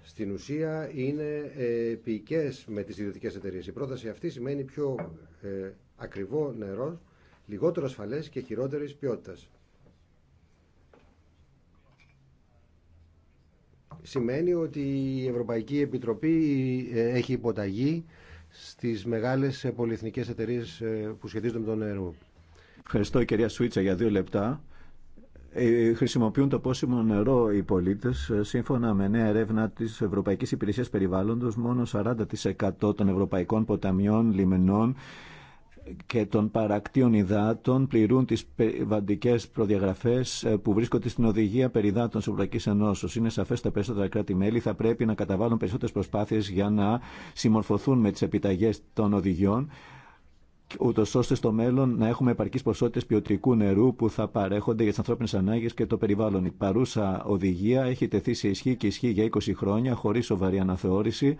Στην ουσία είναι επικές με τις ιδιωτικές εταιρείε. Η πρόταση αυτή σημαίνει πιο ε, ακριβό νερό, λιγότερο ασφαλές και χειρότερης ποιότητας. σημαίνει ότι η Ευρωπαϊκή Επιτροπή ε, έχει υποταγή στις μεγάλες ε, πολυεθνικές εταιρείες ε, που σχετίζονται με το νερό. Ευχαριστώ κυρία Σουίτσα για δύο λεπτά. Χρησιμοποιούν το πόσιμο νερό οι πολίτες. Σύμφωνα με νέα ερεύνα της Ευρωπαϊκής Υπηρεσίας Περιβάλλοντος, μόνο 40% των ευρωπαϊκών ποταμιών, λιμενών και των παρακτήων υδάτων πληρούν τις περιβαντικές προδιαγραφές ε, που βρίσκονται στην οδηγία περιδάτων της Ευρωπαϊκής Ενώσεως. Είναι σαφές τα περισσότερα κράτη-μέλη θα πρέπει να καταβάλουν περισσότερες προσπάθειες για να συμμορφωθούν με τις επιταγές των οδηγιών ούτω ώστε στο μέλλον να έχουμε επαρκεί ποσότητε ποιοτικού νερού που θα παρέχονται για τι ανθρώπινε ανάγκε και το περιβάλλον. Η παρούσα οδηγία έχει τεθεί σε ισχύ και ισχύει για 20 χρόνια χωρί σοβαρή αναθεώρηση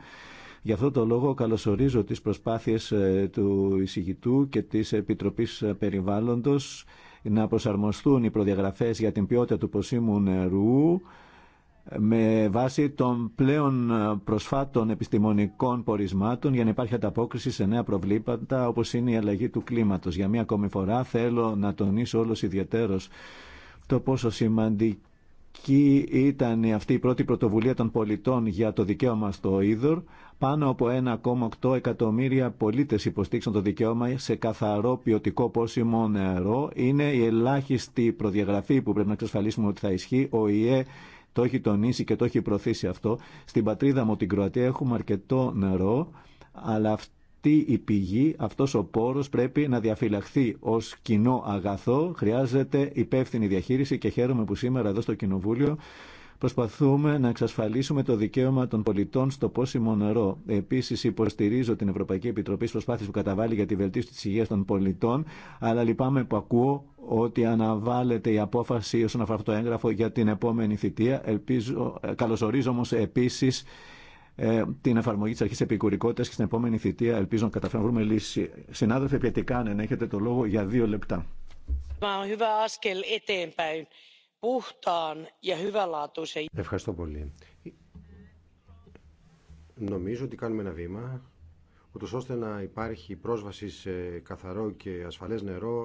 Γι' αυτό το λόγο καλωσορίζω τις προσπάθειες ε, του εισηγητού και της Επιτροπής ε, Περιβάλλοντος να προσαρμοστούν οι προδιαγραφές για την ποιότητα του ποσίμου νερού ε, με βάση των πλέον προσφάτων επιστημονικών πορισμάτων για να υπάρχει ανταπόκριση σε νέα προβλήματα όπως είναι η αλλαγή του κλίματος. Για μία ακόμη φορά θέλω να τονίσω όλος ιδιαίτερος το πόσο σημαντική ήταν αυτή η πρώτη πρωτοβουλία των πολιτών για το δικαίωμα στο είδωρ πάνω από 1,8 εκατομμύρια πολίτες υποστήξαν το δικαίωμα σε καθαρό ποιοτικό πόσιμο νερό. Είναι η ελάχιστη προδιαγραφή που πρέπει να εξασφαλίσουμε ότι θα ισχύει. Ο ΙΕ το έχει τονίσει και το έχει προωθήσει αυτό. Στην πατρίδα μου, την Κροατία, έχουμε αρκετό νερό, αλλά αυτή η πηγή, αυτός ο πόρος πρέπει να διαφυλαχθεί ως κοινό αγαθό. Χρειάζεται υπεύθυνη διαχείριση και χαίρομαι που σήμερα εδώ στο Κοινοβούλιο Προσπαθούμε να εξασφαλίσουμε το δικαίωμα των πολιτών στο πόσιμο νερό. Επίση, υποστηρίζω την Ευρωπαϊκή Επιτροπή στι προσπάθειε που καταβάλει για τη βελτίωση τη υγεία των πολιτών, αλλά λυπάμαι που ακούω ότι αναβάλλεται η απόφαση όσον αφορά αυτό το έγγραφο για την επόμενη θητεία. Ελπίζω, ε, καλωσορίζω όμω επίση ε, την εφαρμογή τη αρχή επικουρικότητα και στην επόμενη θητεία ελπίζω να καταφέρουμε βρούμε λύση. Συνάδελφε, πιετικά, έχετε το λόγο για δύο λεπτά. Ευχαριστώ πολύ. Νομίζω ότι κάνουμε ένα βήμα, ούτως ώστε να υπάρχει πρόσβαση σε καθαρό και ασφαλές νερό